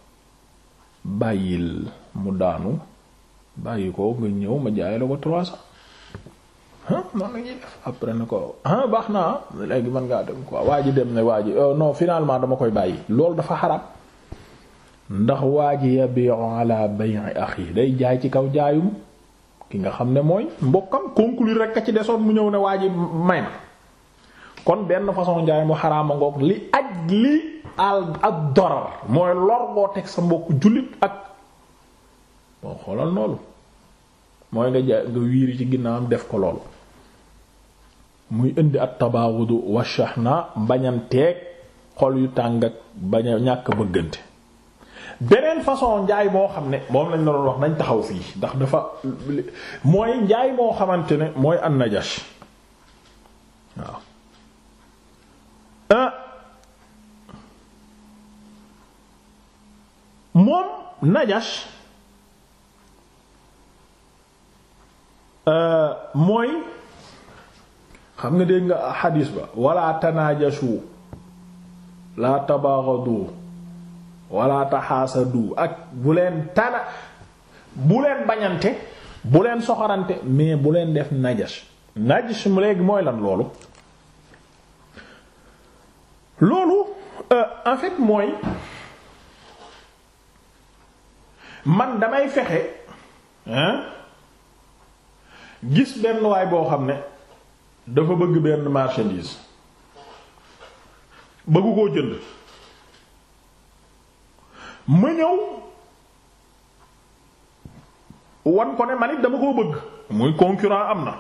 bàyyil mu daanu bàyyi ko nga ñëw ma jaaye la ko trois cent ah noonu la ñuy def après ne ko ah baax naa léegi mën ngaa dem quoi waa ji dem ne waa ji euh, non finalement dama koy bàyyi loolu dafa xaram ndax waa ji yabi'u ala bay'i day jaay ci kaw jaayum ki nga xam ne mooy mbokkam conclure rek a ci desoon mu ñëw ne waa ji may ma kon benn façon njaay mu xaraama ngoog li aj li al ak dorar mooy lor boo teg sa mbokk jullit ak moo xoolal noonu mooy nga jaay nga wiiri ci ginnaawam def ko loolu muy indi at tabaawudu wa shahna mbañanteeg xol yu tàng ak bañ ñàkk bëggante beneen façon njaay moo xam ne moom lañ la doon wax nañ taxaw fii ndax dafa mooy njaay moo xamante ne mooy an najash waaw ah. moom najash ah, mooy xam nga dégg nga xadiis ba wala tanaajashu laa tabaghadu wala taxaasadu ak bu leen tana bu leen bañante bu leen soxorante mais bu leen def najas najas mu léegi mooy lan loolu loolu euh, en mooy man damay fexe hein gis benn waay boo xam ne dafa bëgg benn marchandise bëggu koo jënd ma ñëw wan ko ne man dama koo bëgg muy concurrent am na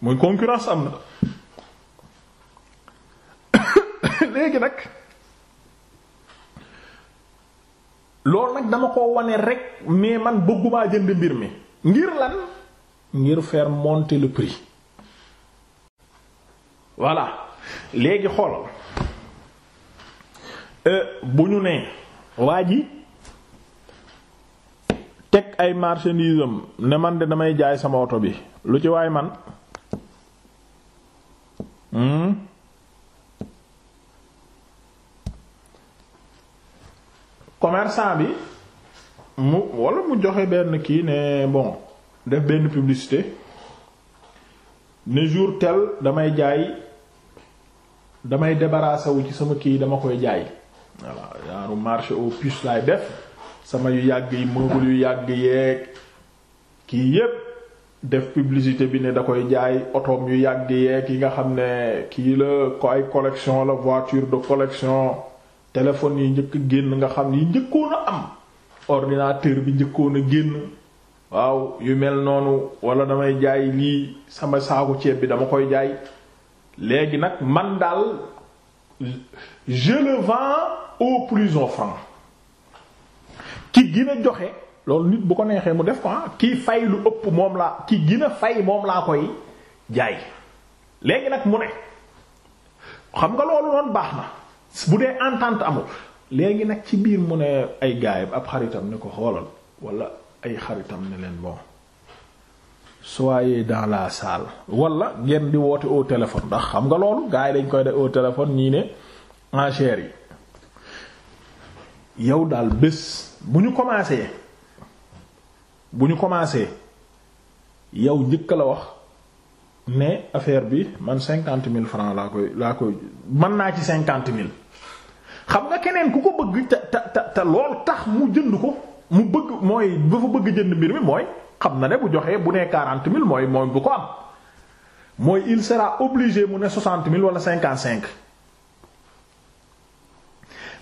muy concurrence am na léegi nag loolu nag dama ko wane rek mais man bëggumaa jënd mbir mi ngir lan ngir faire le prix voilà léegi xool euh, bu ñu nee waa ji teg ay marchandise ne man de damay jaay sama oto bi lu ci waay man hmm bi mu wala mu joxe benn kii ne bon def benn publicité ne jour tel damay jaay damay débarrassé wu ci sama kii dama koy jaay voilà genre marché aux puces laay def sama yu yàgg yi meuble yu yàgg yeeg kii yépp def publicité bi ne da koy jaay otoom yu yàgg yeeg yi nga xam ne kii la ko ay collection la voiture de collection téléphone yi njëkk génn nga xam ni njëkkoon a am ordinateur bi njëkkoon a génn waaw yu mel noonu wala damay jaay lii sama saaku ceeb bi dama koy jaay léegi nag man daal je le vends au plus offrant ki gën joxe loolu nit bu ko neexee mu def ko ah kii fay lu ëpp moom laa ki gën fay moom laa koy jaay léegi nag mu ne xam nga loolu noonu baax na bu dee entente amul léegi nag ci biir mu ne ay gaayam ab xaritam ni ko xoolal wala ay xaritam ne leen bon. soyez dans la salle wala ngeen di woote au téléphone ndax xam nga loolu gars yi dañ koy def au téléphone ñii ne enchères yi yow daal bés bu ñu commencé bu ñu commencé yow njëkk la wax ne affaire bi man cinquante mille francs laa koy laa koy mën naa ci cinquante mille xam nga keneen ku ko bëgg te te te lool tax mu jënd ko mu bëgg mooy dafa bëgg jënd mbir mi mooy. xam na ne bu joxee bu nee quarante mille mooy mooy bu ko am mooy il sera obligé mu ne soixante mille wala cinquante cinq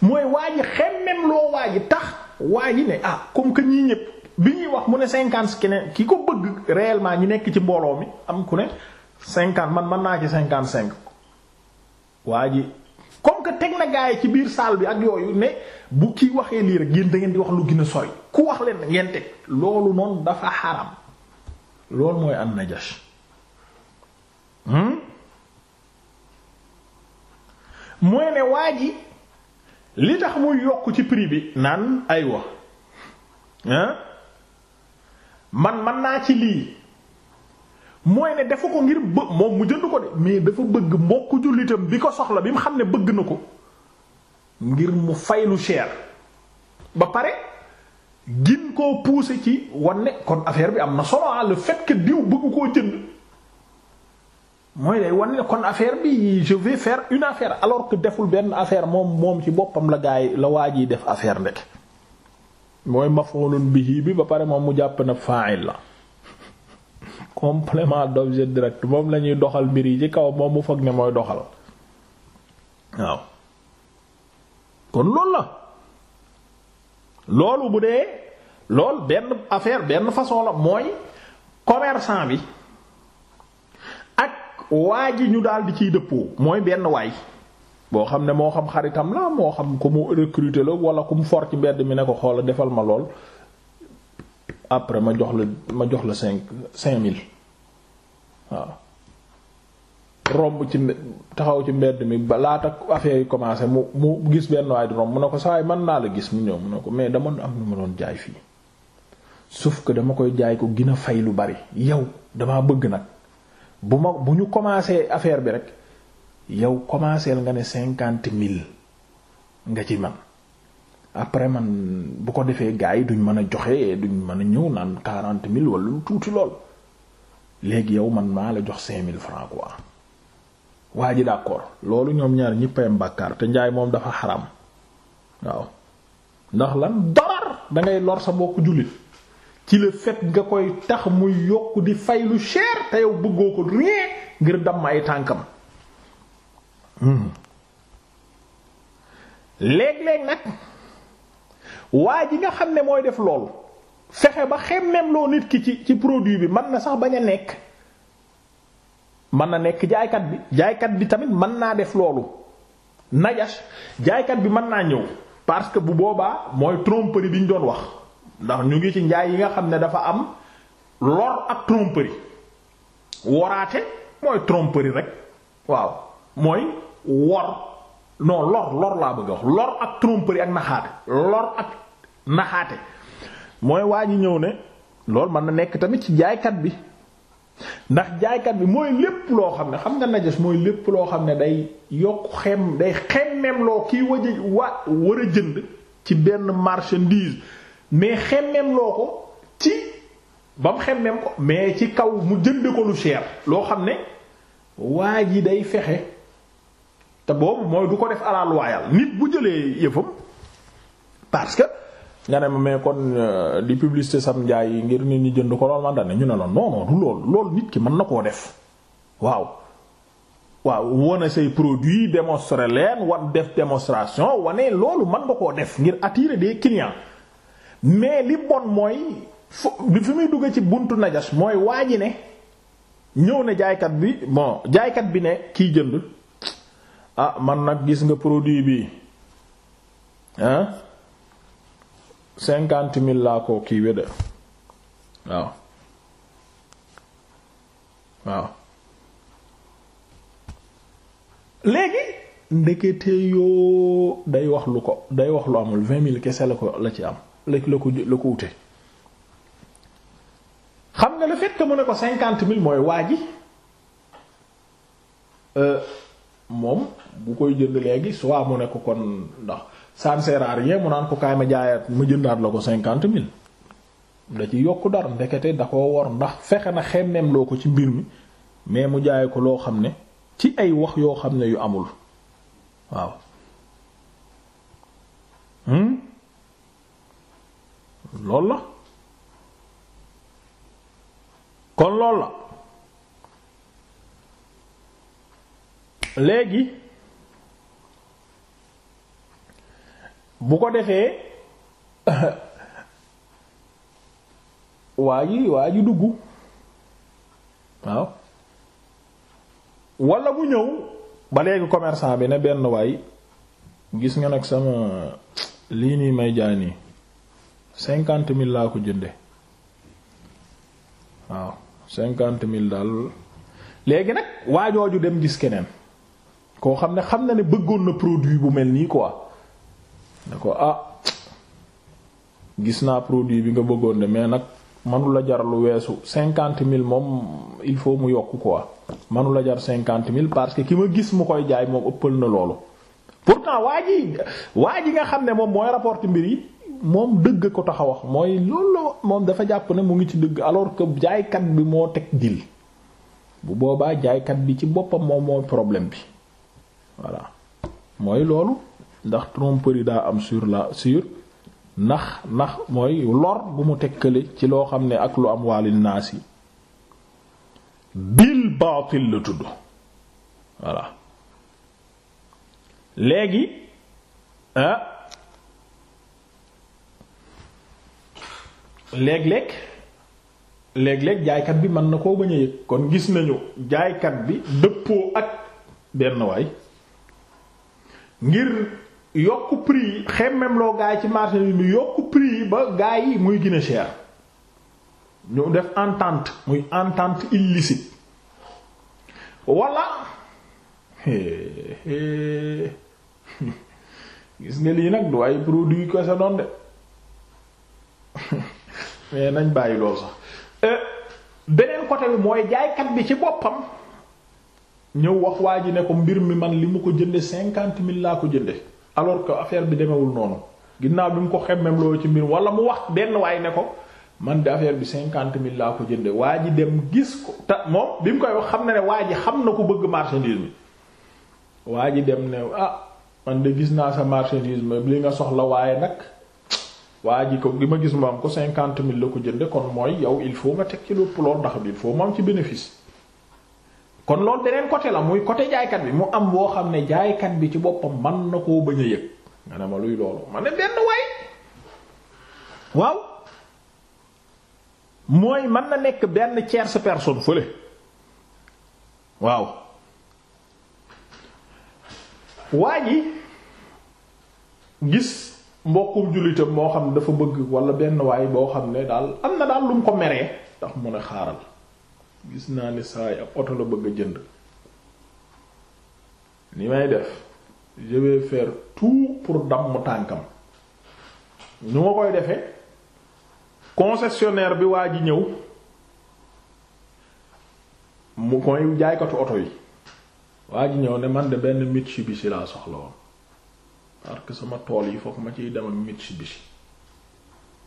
mooy waa ji xemmem loo waa ji tax waa ji ne ah comme que ñii ñëpp bi ñuy wax mu ne cinquante keneen ki ko bëgg réellement ñi nekk ci mbooloo mi am ku ne cinquante man man naa ci cinquante cinq waa ji comme que teg na gaay ci biir saal bi ak yooyu ne bu kii waxee lii rek yéen da ngeen di wax lu gën a sori ku wax leen ngeen teg loolu noonu dafa xaram loolu mooy an najash hmm? mooy ne waa ji li tax muy yokk ci prix bi naan aywa ah man man naa ci lii mooy ne dafa ko ngir bë moom mu jënd ko de mais dafa bëgg mbokku jullitam bi ko soxla bi mu xam ne bëgg na ko ngir mu fay lu cher ba pare gin koo pousser ci wanne kon affaire bi am na solo ah le fait diw bëgg koo jënd mooy day wanne kon affaire bi je vais faire une affaire alors que deful benn affaire moom moom ci boppam la gaay la waa jiy def affaire ndek mooy maf'ulun bihi bi ba pare moom mu jàpp na fa'il la complément d'objet direct moom lañuy doxal mbir yi ci kaw moom mu foog ne mooy doxal waaw kon loolu la loolu bu dee lool benn affaire benn façon la mooy commerçant bi ak waa ji ñu daal di ciy dëppoo mooy benn waay boo xam ne moo xam xaritam la moo xam ku mu recruter la wala ku mu for ci mbedd mi ne ko xoola defal ma lool après ma jox la ma jox la cinq cinq mille waaw romb ci taxaw ci mbedd mi laata affaire yi commencé mu mu gis benn waay di romb mu ne ko saa yi mën naa la gis mu ñëw mu ne ko mais dama am lu ma doon jaay fii sauf ko dama koy jaay ko gën a fay lu bari yow damaa bëgg nag bu ma bu ñu commencé affaire bi rek yow commencé nga ne cinquante mille nga ci man après man bu ko defee gars yi duñ mën a joxe duñ mën a ñëw naan quarante mille wala lu tuuti lool léegi yow man maa la jox cinq mille francs quoi waa ji d'accord loolu ñoom ñaar ñippayam bàkkaar te njaay moom dafa xaram waaw ndax lan darar da lor sa bokk jullit ci le fait nga koy tax muy yokk di fay lu cher te yow bëggoo ko rien ngir damm ay tànkam hmm. léeg-léeg nag waa ji nga xam ne mooy def loolu fexe ba xemmem loo nit ki ci ci produit bi mën na sax bañ a nekk mën na nekk jaaykat bi jaaykat bi tamit mën naa def loolu najas jaaykat bi mën naa ñëw parce que bu boobaa mooy tromperie bi ñu doon wax ndax ñu ngi ci njaay yi nga xam ne dafa am lor ak tromperie woraate mooy tromperie rek waaw mooy wor non lor lor laa bëgg wax lor ak tromperie ak naxaate lor ak naxaate mooy waa ji ñëw ne loolu mën na nekk tamit ci jaaykat bi ndax jaaykat bi mooy lépp loo xam ne xam nga najas mooy lépp loo xam ne day yokk xem day xemmem loo kiy waja wa war a jënd ci benn marchandise mais xemmem loo ko ci ba mu ko mais ci kaw mu jënd ko lu seer loo xam ne waa ji day fexe te boobu mooy du ko def à la nit bu jëlee yëfam parce que nga ne ma mais kon euh, di publicité sam njaay yi ngir nit ñi jënd ko lool man da ne ñu ne la non non du lool nit ki mën na koo def waaw. waaw wane say produits démontrer wan def démonstration wane loolu mën nga koo def ngir attirer des clients mais li bon mooy fu fi muy duggee ci buntu najas mooy waa ji ne ñëw ne jaaykat bi bon jaaykat bi ne kiy jënd. ah man nag gis nga produit bi hein cinquante mille laa ko kii wede waaw waaw léegi ndekete yoo day wax lu ko day wax lu amul vingt mille kese la ko la ci am la la ko la ko wute xam nga le fait mu ne ko cinquante mille mooy waa ji euh, moom bu koy jënd léegi soit mu ne ko kon ndax ça ne sert mu naan ko kaay ma jaayaat ma jëndaat la ko cinquante mil da ci yokk dara ndekete da koo war ndax fexe na xemmeem loo ko ci mbir mi mais mu jaay ko loo xam ne ci ay wax yoo xam ne yu amul waaw hmm? loolu la kon loolu la léegi bu ko defee waa ji waa ji dugg waaw wala bu ñëw ba léegi commerçant bi ne benn waay gis nga nag sama lii nii may jaay cinquante mille laa ko jënde waaw cinquante mille daal léegi nag jooju dem gis keneen koo xam ne xam na ne bëggoon na produit bu mel nii quoi ne ko ah gis naa produit bi nga bëggoon ne mais nag manu jar lu weesu cinquante mille moom il faut mu yokk quoi manu la jar cinquante mille parce que ki ma gis mu koy jaay moom ëppal na loolu pourtant waa ji waa ji nga xam ne moom mooy rapporte mbir yi moom dëgg ko tax a wax mooy loolu moom dafa jàpp ne mu ngi ci dëgg alors que jaaykat bi moo teg dil bu boobaa jaaykat bi ci boppam moom problème bi voilà mooy loolu ndax tromperie daa am sur la sur ndax ndax mooy lor bu mu tekkale ci loo xam ne ak lu am waalil naas yi bil baatil la tudd voilà léegi ah, léeg-léeg léeg jaaykat bi mën na koo bañ a yëg kon gis nañu jaaykat bi dëppoo ak benn waay ngir yokk pris yi xemmem loo gaa yi ci marché bi yokk prix yi ba gaa yi muy gën a cher ñu def entente muy entente illicite wala gis nga lii nag du ay produit ko sa doon de mais nañ bàyyi lool sax euh, beneen côté bi mooy jaaykat bi ci boppam ñëw wax waa ji ne ko mbir mi man li mu ko jënde cinquante mille laa ko jënde alors que affaire bi demewul noonu ginnaaw bi mu ko xemmem loolu ci mbir wala mu wax benn waay ne ko man de affaire bi cinquante mille laa ko jënde waa ji dem gis ko te moom bi xam na ne waa ji xam na ko bëgg marchandise mi waa ji dem ne ah man de gis naa sa marchandise ma li nga soxla waaye nag waa ji ko li ma gis ma am ko cinquante mille la ko jënde kon mooy yow il faut nga teg ci lu lool ndax bi il faut ma ci bénéfice kon loolu beneen côté la muy côté jaaykat bi mu am boo xam ne jaaykat bi ci boppam man na koo bañ a yëg nga ne ma luy loolu ma ne benn waay waaw mooy mën na nekk benn sa personne fële waaw waa ji gis mbokkum jullitam moo xam ne dafa bëgg wala benn waay boo xam ne daal am na daal lu mu ko meree ndax mu ne xaaral gis naa ni saa yi ab oto la bëgg a jënd li may def je vais faire tout pour damm tànkam ñu ma koy defee concessionnaire bi waa ji ñëw mu koy jaaykatu oto yi waa ji ñëw ne man de benn Mitsubishi laa soxla woon parce que sama tool yi fokk ma ciy dem ak Mitsubishi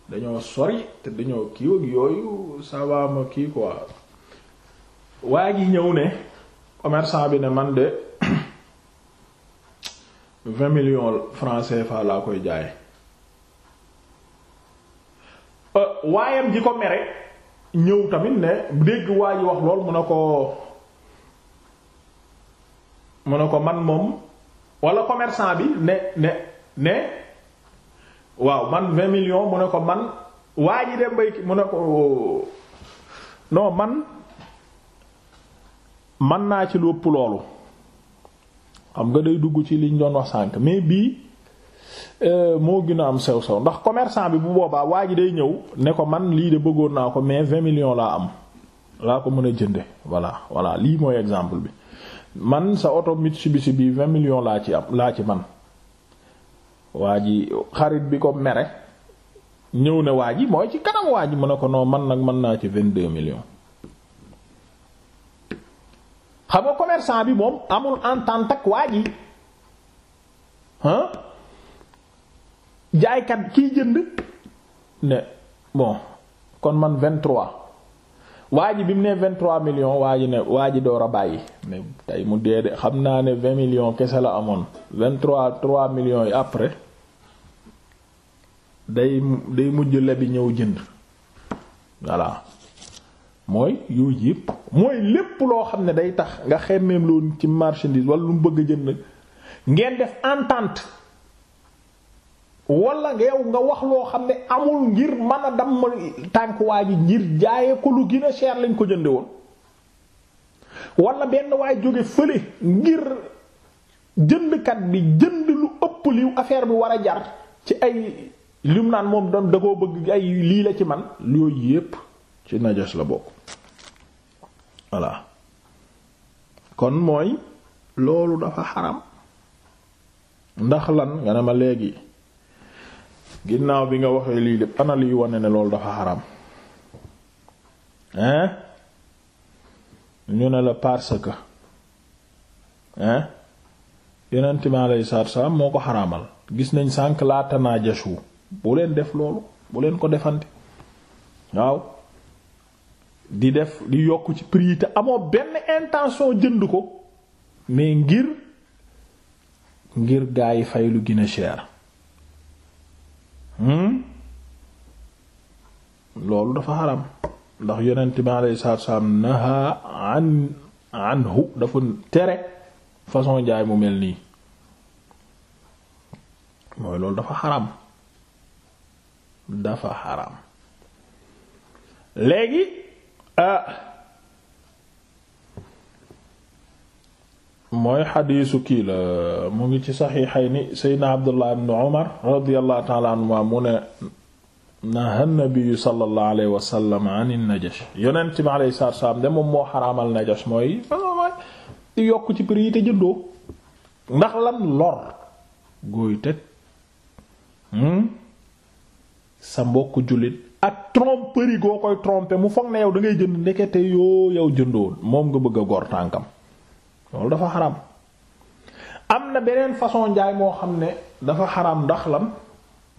dañoo sori te dañoo kii ak yooyu ça ma kii quoi waa ji ñëw ne commerçant bi ne man de vingt millions francs CFA laa koy jaay euh, waayam ji ko mere ñëw tamit ne dégg waa ji wax lool mun na ko mun na ko man moom wala commerçant bi ne ne ne waaw man vingt millions mu ne ko man waa ji dem bay mu ne ko non man man naa ci lu ëpp loolu xam nga day dugg ci liñ doon wax sànk mais bii euh, moo gën a am sew sew ndax commerçant bi bu boobaa waa ji day ñëw ne ko man lii de bëggoon naa ko mais vingt million laa am laa ko mën a jënde voilà voilà lii mooy exemple bi man sa oto Mitsubishi bi vingt millions laa ci am laa ci man waa ji xarit bi ko mere ñëw ne waa ji mooy ci kanam waa ji mu ne ko non man nag mën naa ci vingt deux million xam nga commerçant bi moom amul entente takk waa ji jaaykat kiy jënd ne bon kon man 23 waa ji bi mu nee 23 millions waa ji ne waa ji door a bàyyi mais tey mu dee de xam naa ne 20 million kese la amoon 23 3 million yi après day day mujj lebi ñëw jënd voilà. mooy yooyu yépp mooy lépp loo xam ne day tax nga xemmeem loolu ci marchandise wala lu mu bëgg a jënd ngeen def entente wala nga yow nga wax loo xam ne amul ngir mën a damm tànkwaa ji ngir jaaye ko lu gina a cher lañ ko jënde woon wala benn waay jóge fële ngir jëndkat bi jënd lu ëpp liw affaire bi war a jar ci ay lim naan moom da koo bëgg ay lii la ci man yooyu yépp ci najas la bokk voilà kon mooy loolu dafa xaram ndax lan nga ne ma léegi ginnaaw bi nga waxee lii lépp ana liy wane ne loolu dafa xaram hein ñu ne la parce que hein yonent mi alayhi moo ko xaramal gis nañ sànq laata naa jashu bu leen def loolu bu leen ko defante waaw di def di yokk ci prix te amoo benn intention jënd ko mais ngir ngir gaa yi fay lu gën a cher hmm? loolu dafa xaram ndax yonent bi alayhi salaatu wassalaam naha an anhu dafa tere façon jaay mu mel nii mooy loolu dafa xaram dafa xaram léegi mooy xadiisu kii la mu ngi ci saxiixayni seydna abdullah ibn umar radiyallahu ta'ala anhuma mu ne naha nabiyu sallallahu alayhi wa sallam ani najash yonent bi alayhi salaatu salaam de moom moo xaraamal najash mooy yokk ci prix yi te jëndoo ndax lan lor góoy teg hmm? sa mbokk jullit ak tromperie goo koy tromper mu foog ne yow da ngay jënd ndekete yoo yow jëndoon moom nga bëgg a gor tànkam loolu dafa xaram am na beneen façon njaay moo xam ne dafa xaram ndax lan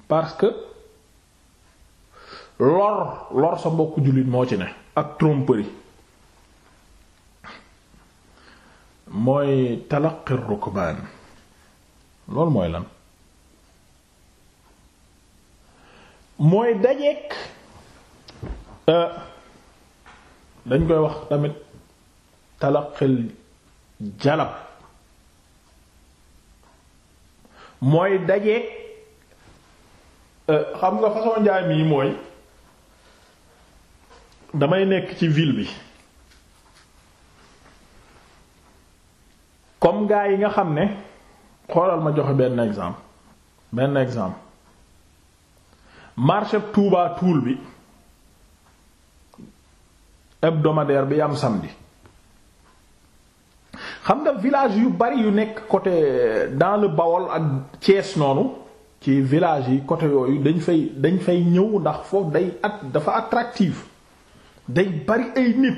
parce que lor lor sa mbokk jullit moo ci ne ak tromperie mooy talaqi rukbaan loolu mooy lan mooy dajeek Euh, dañ koy wax tamit talaqil jalab mooy daje euh, xam nga façon njaay mii mooy damay nekk ci ville bi comme gaa yi nga xam ne xoolal ma joxe benn exemple benn exemple marché Touba Toul bi hebdomadaire bi am samedi xam nga village yu bari yu nekk côté dans le Bawol ak Thiès noonu ci village yi côté yooyu dañ fay dañ fay ñëw ndax foofu day at dafa attractive day bari ay nit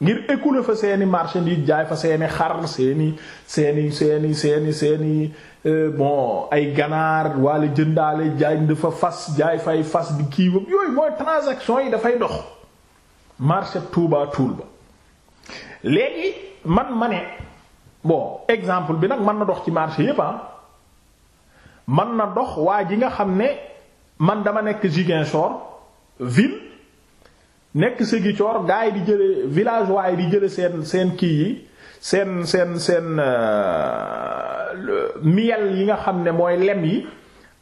ngir écouler fa seeni marchandises jaay fa seeni xar seeni seeni seeni seeni seeni euh, bon ay ganaar wala jëndaale jaay dafa fas jaay fay fas di kii yooyu mooy transaction yi dafay dox. marché Touba Toul ba léegi man ma ne bon exemple bi nag mën na dox ci marché yépp ah mën na dox waa ji nga xam ne man dama nekk Ziguinchor ville nekk Ziguinchor gaa yi di jële village waaye di jële seen seen kii yi seen seen seen euh, miel yi nga xam ne mooy lem yi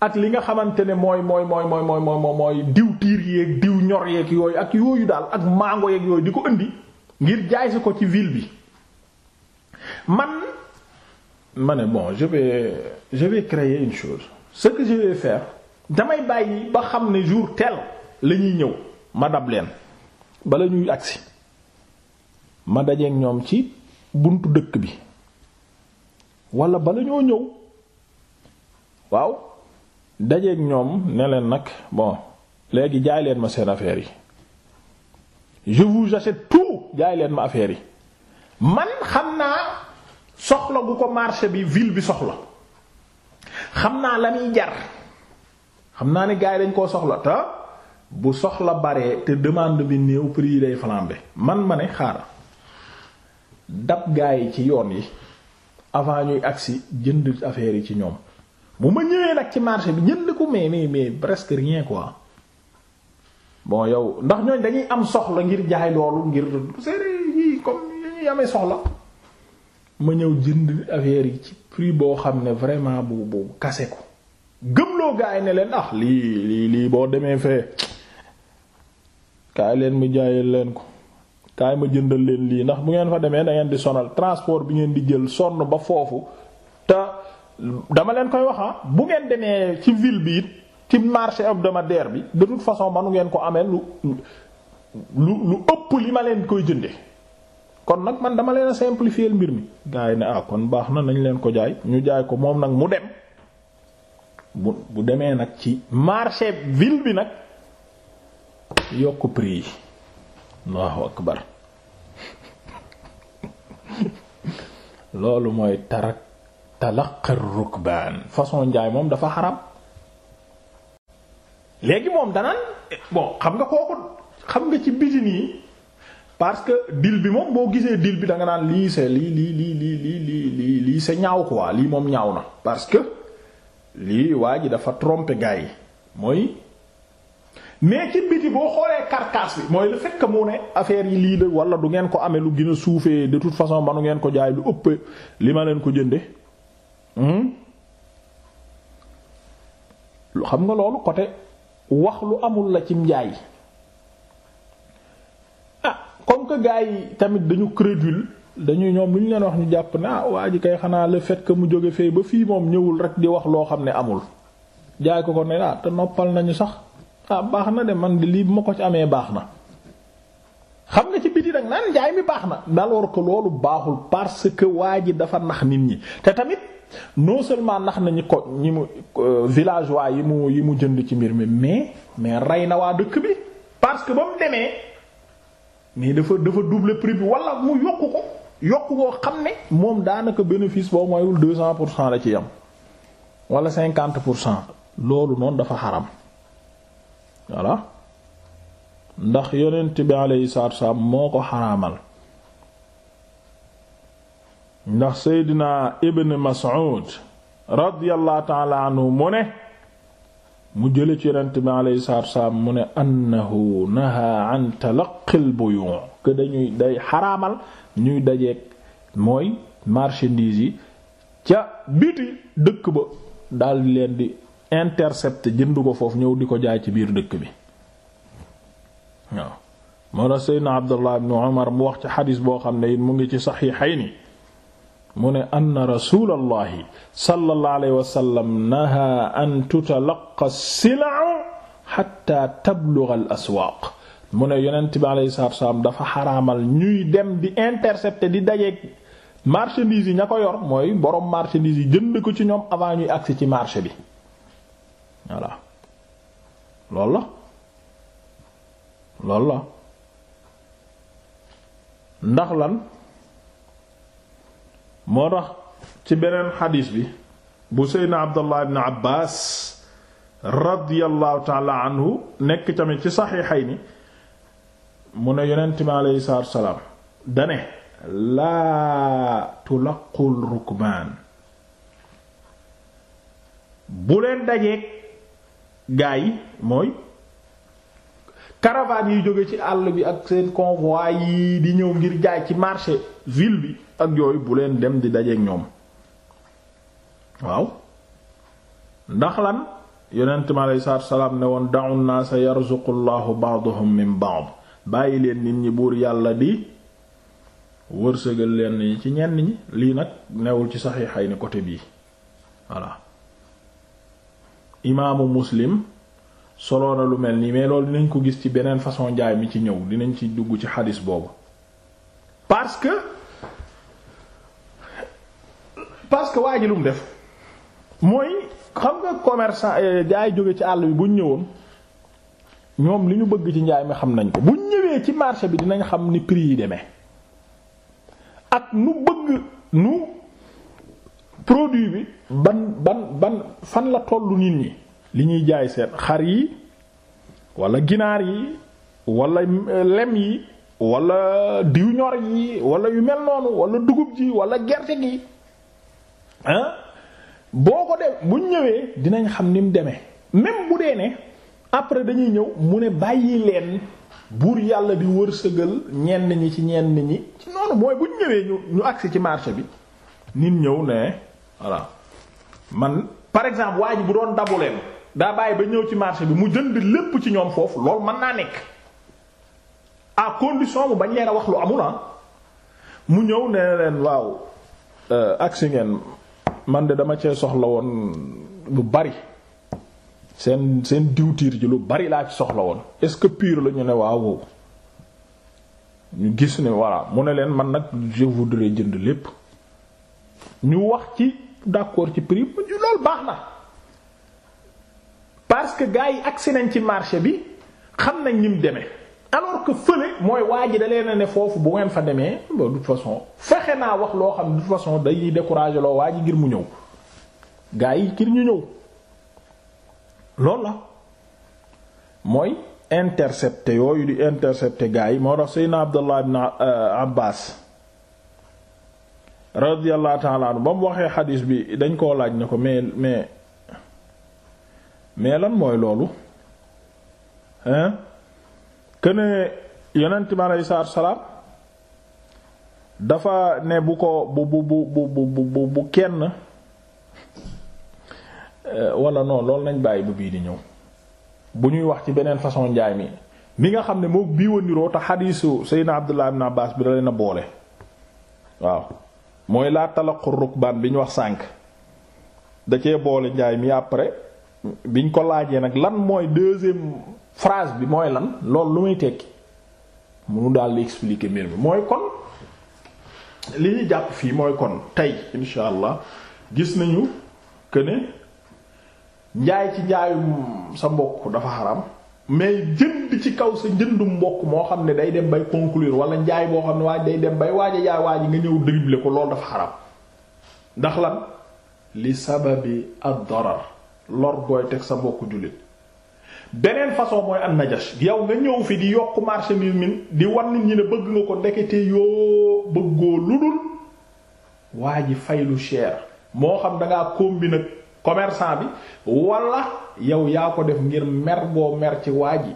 ak li nga xamante ne mooy mooy mooy mooy mooy mooy mooy diw tiir yeeg diw ñor yeeg yooyu ak yooyu daal ak mango yeeg yooyu di ko indi ngir jaay si ko ci ville bi man mane ne bon je vais je vais xam ne jour tel lañuy ñëw ma dab leen bala ñuy agsi ma dajeeg ñoom ci buntu dëkk bi wala bala ñoo ñëw waaw. dajeeg ñoom ne leen nag bon léegi jaay leen ma seen affaire yi je vous achète tout jaay leen ma affaire yi man xam naa soxla bu ko marché bi ville bi soxla xam naa la muy jar xam naa ni gars yi dañ koo soxla te bu soxla baree te demande bi néew prix yi day flambé man ma ne xaaral dab gars yi ci yoon yi avant ñuy agsi jënd affaire yi ci ñoom. bu ma ñëwee nag ci marché bi jënd ko mais mais mais presque rien quoi bon yow ndax ñooñ dañuy am soxla ngir jaay loolu ngir seere yi comme ñu amee soxla ma ñëw jënd affaire yi ci prix boo xam ne vraiment bu bu kase ko gëmloo gaay ne leen ah lii lii lii boo demee fee kaay leen mu jaayal leen ko kaay ma jëndal leen lii ndax bu ngeen fa demee da ngeen di sonal transport bi ngeen di jël sonn ba foofu dama leen koy wax ah, bu ngeen demee ci ville bi it ci marché hebdomadaire bi de toute façon manu ngeen ko amee lu lu ëpp li ma leen koy jënde kon nag man dama leen a simplifier mbir mi gars yi ne ah kon baax na nañ leen ko jaay ñu jaay ko moom nag mu dem bu demee nag ci marché ville bi nag yokk prix yi Allahu akbar loolu mooy tarak talaqa rukbaan façon njaay moom dafa xaram léegi moom danaan bon xam nga kooku xam nga ci biti nii parce que dil bi moom boo gisee dil bi danga nga naan lii c'est lii lii lii lii lii lii lii lii c'est ñaaw quoi lii moom ñaaw na parce que lii waa ji dafa tromper gars yi mooy mais ci biti boo xoolee carcasse bi mooy le fekk que mu ne affaire yi lii la wala du ngeen ko amee lu gën suufee de toute façon manu ngeen ko jaay lu ëpp li ma leen ko jënde Hmm? xam nga loolu côté wax lu amul la cim njaay a ah, comme que gaa yi tamit dañu crédule dañuy ñoom lu ñu leen wax ni jàpp ne a ah, waa ji kay xanaa la fait que mu jóge fee ba fii moom ñëwul rek di wax loo xam ne amul jaay ko ko ne ah noppal nañu sax ah na de man di lii bu ma ko ci amee baax na xam nga ci biti nag naan njaay mi baax na d'alors ko loolu baaxul parce que waa ji dafa nax nit ñi te tamit non seulement nax nañu ko ñi mu euh, villageois yi mu yi mu jënd ci mbir mi mais mais rey na waa dëkk bi parce que ba mu demee mais dafa dafa doubler prix bi wala mu yokk ko yokk koo xam ne moom daanaka bénéfice boo mooyul deux sant pour cent la ci yam wala cinquante pour cent loolu noonu dafa xaram voilà ndax yonent bi alayhi salaatu wasallam moo ko xaraamal ndax seydina ibn mas'ud radiyallahu taala anhu mu ne mu jële ci yonent bi alayhi salaatu wasalaam mu ne annahu naha an talaqil buyu' que dañuy day xaraamal ñuy dajeek mooy marchandise yi ca biti dëkk ba daldi leen di intercepté jënd ko foofu ñëw di ko jaay ci biir dëkk bi waaw moo tax seydina abdullah ibn umar mu wax ci xadiis boo xam ne it mu ngi ci saxiixayni mu ne anna rasulallahi sallallahu alayhi wa sallam naha an tutalaqqa as-sila'u hatta tablugha al-aswaq mu ne yonent bi alayhi salaatu wasallam dafa xaraamal ñuy dem di intercepter di dajeeg marchandise yi ña ko yor mooy borom marchandise yi jënd ko ci ñoom avant ñuy agsi ci marché bi voilà loolu la loolu la ndax lan moo tax ci beneen xadiis bi bu seydna abdullah ibn abbas radiyallahu taala anhu nekk tamit ci saxiixay ni mu ne yonent bi aleyhi salaatu wasalaam dane laa tulaqul rukbaan bu leen dajeek gaa yi mooy caravane yi jóge ci àll bi ak seen convoi yi di ñëw ngir jaay ci marché ville bi ak yooyu bu leen dem di dajeek ñoom waaw ndax lan yonent mi salaam ne woon da'u naasa yarzuqu llaahu ba'dahum min ba'd bàyyi leen nit ñi buur yàlla di wërsëgal leen ñi ci ñenn ñi lii nag newul ci saxiixay ni côté bii voilà imaamu muslim solo na lu mel nii mais loolu dinañ ko gis ci beneen façon njaay mi ci ñëw dinañ ci dugg ci xadis boobu waa ji lu def mooy xam nga commerçant jaay eh, jóge ci àll bi bu ñëwoon ñoom li ñu bëgg ci njaay mi xam nañ ko bu ñëwee ci marché bi dinañ xam ni prix yi demee ak nu bëgg nu produit bi ban ban ban fan la tollu nit ñi li ñuy jaay seet xar yi wala ginaar yi wala eh, lem yi wala diw ñor yi wala yu mel noonu wala dugub ji wala gerte gi ah boo ko def bu ñëwee dinañ xam ni mu demee même bu dee ne après dañuy ñëw mu ne bàyyi leen buur yàlla di wërsëgal ñenn ñi ci ñenn ñi ci noonu mooy bu ñëwee ñu ñu agsi ci marché bi nit ñëw ne voilà man par exemple waa bu doon dabu leen daa bàyyi ba ñëw ci marché bi mu jënd lépp ci ñoom foofu loolu mën naa nekk à condition mu bañ leen a wax lu amul ah. mu ñëw ne leen waaw euh, agsi ngeen. man de dama cee soxla woon lu bari seen seen diwtiir ji lu bari laa ci soxla woon est-ce que pur la ñu ne waaw ñu gis ne waaw mu ne leen man nag je voudrais jënd lépp ñu wax ci d'accord ci prix bi loolu baax na parce que gars yi agsi nañ ci marché bi xam nañ ni mu demee. alors que fële mooy waa ji da leen ne foofu bu ngeen fa demee du façon fexe naa wax loo xam de toute façon day décourager loo waa ji ngir mu ñëw gaa yi ngir ñu ñëw loolu la mooy intercepter yooyu di intercepter gaa yi moo tax Seydina Abdallah ibn euh, Abbas radiyallahu ta'ala anhu ba mu waxee xadiis bi dañ koo laaj na ko mais mais mais lan mooy loolu këne yonent mi aleyhi salaatu salaam dafa ne bu ko bu bu bu bu bu bu kenn eh, wala non loolu nañ bàyyi bu bii di ñëw bu ñuy wax ci beneen façon njaay mi mi nga xam ne moo bii wa niroo te xadiisu Seydina Abdullah ibn Abbas bi da leen a boole waaw mooy laa talaqu rukbaan bi ñu wax sànq da cee boole njaay mi après biñ ko laajee nag lan mooy deuxième phrase bi mooy lan lool lu muy tekki munu daal di expliquer mbir mi mooy kon li ñu jàpp fii mooy kon tey insha allah gis nañu que ne njaay ci njaayum sa mbokk dafa xaram mais jënd ci kaw sa njëndum mbokk moo xam ne day dem bay conclure wala njaay boo xam ne waaj day dem bay waaj a jaay waaj nga ñëw dribble ko loolu dafa xaram ndax lan li sababi ad-darar lor booy teg sa mbokk jullit beneen façon mooy an najash yow nga ñëw fi di yokk marché mi di wan nit ñi ne bëgg nga ko ndekete yoo bëggoo ludul waa ji fay lu cher moo xam da ngaa combiner nag commerçant bi wala yow yaa ko def ngir mer boo mer ci waa ji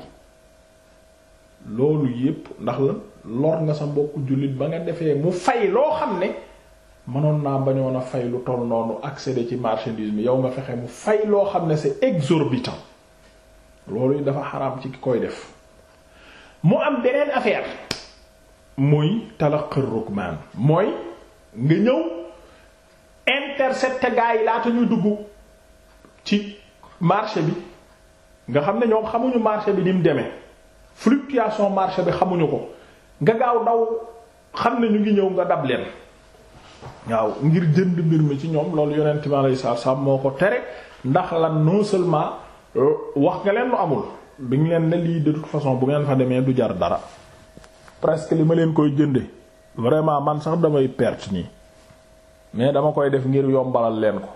loolu yépp ndax la lor nga sa mbokku jullit ba nga defee mu fay loo xam ne mënoon naa bañoon a fay lu toll noonu accéder ci marchandise mi yow nga fexe mu fay loo xam ne c'est exorbitant loolu dafa xaraam ci ki koy def mu am beneen affaire muy talaqi rukbaan mooy nga ñëw intercepter gaa yi laata ñuy dugg ci marché bi nga xam ne ñoom xamuñu marché bi ni mu demee fluctuation marché bi xamuñu ko nga gaaw daw xam ne ñu ngi ñëw nga dab leen waaw ngir jënd mbir mi ci ñoom loolu yonent mi alayhi salaam moo ko tere ndax lan non Euh, wax nga leen lu amul bi nga leen lii de façon bu ngeen fa demee du jar dara presque li ma leen koy jënde vraiment man sax damay perte nii mais dama koy def ngir yombalal leen ko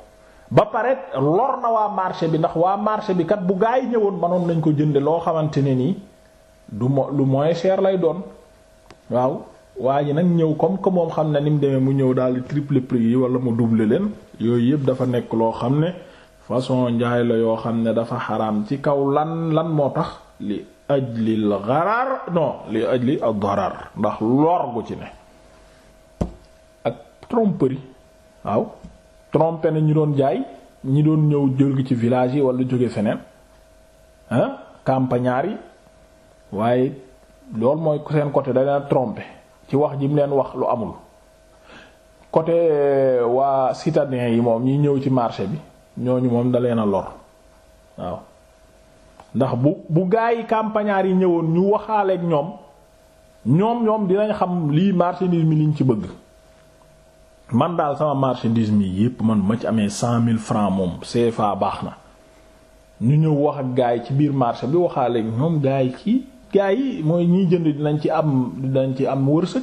ba pare lor na waa marché bi ndax waa marché bi kat bu gaa yi ñëwoon manoon nañ ko jënde loo xamante ne nii du moo lu moins cher lay doon waaw waa ji nag ñëw comme que moom xam ne ni mu demee mu ñëw daal di triple prix yi wala mu doubler leen yooyu yëpp dafa nekk loo xam ne. façon njaay la yoo xam ne dafa xaraam ci kaw lan lan moo tax li ajlil garar non li ajli ad-darar ndax lor gu ci ne ak tromperie waaw tromper na ñu doon jaay ñi doon ñëw jóge ci village yi wala jóge feneen ah yi waaye loolu mooy seen côté da leen ci wax ji leen wax lu amul côté waa citadin yi moom ñi ñëw ci marché bi ñooñu moom dalee na lor waaw ndax bu bu gaa yi campagnards yi ñëwoon ñu waxaaleek ñoom ñoom ñoom dinañ xam lii marchandise mi liñ ci bëgg man daal sama marchandise mi yépp man ma ci amee cent mille francs moom CFA baax na ñu ñëw wax ak gaa yi ci biir marché bi waxaaleeg ñoom gaa yi ci gaa yi mooy ñiy jënd dinañ ci am dinañ ci am wërsëg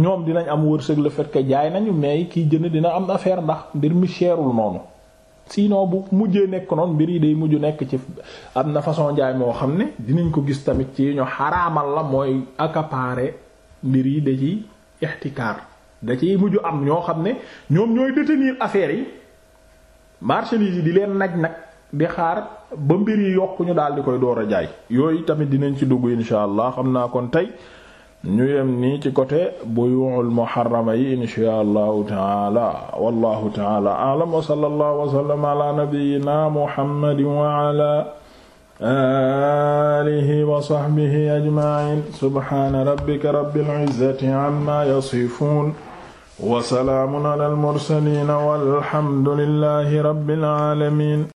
ñoom dinañ am wërsëg la fait jaay nañu mais kiy jënd dina am affaire ndax mbir mi cherul noonu sinon bu mujjee nekk noonu mbir yi day mujju nekk ci am na façon njaay moo xam ne dinañ ko gis tamit ci ñu xaraamal la mooy accaparer mbir yi da ci ixtikaar da ciy mujj am ñoo xam ne ñoom ñooy détenir affaires yi marchandises yi di leen naj nag di xaar ba mbir yi yokk ñu daal di koy door a jaay yooyu tamit dinañ ci dugg insha allah xam naa kon tey ñu yem nii ci côté buyuul muharrama yi inshaa allahu taala wallahu taala a'lam wa sallallahu wa sallama ala nabiyyina muhammadin wa ala alihi wa sahbihi ajma'in subhana rabbika rabbil izzati amma yasifun wa salaamun ala al mursalin walhamdulillahi rabbil alamin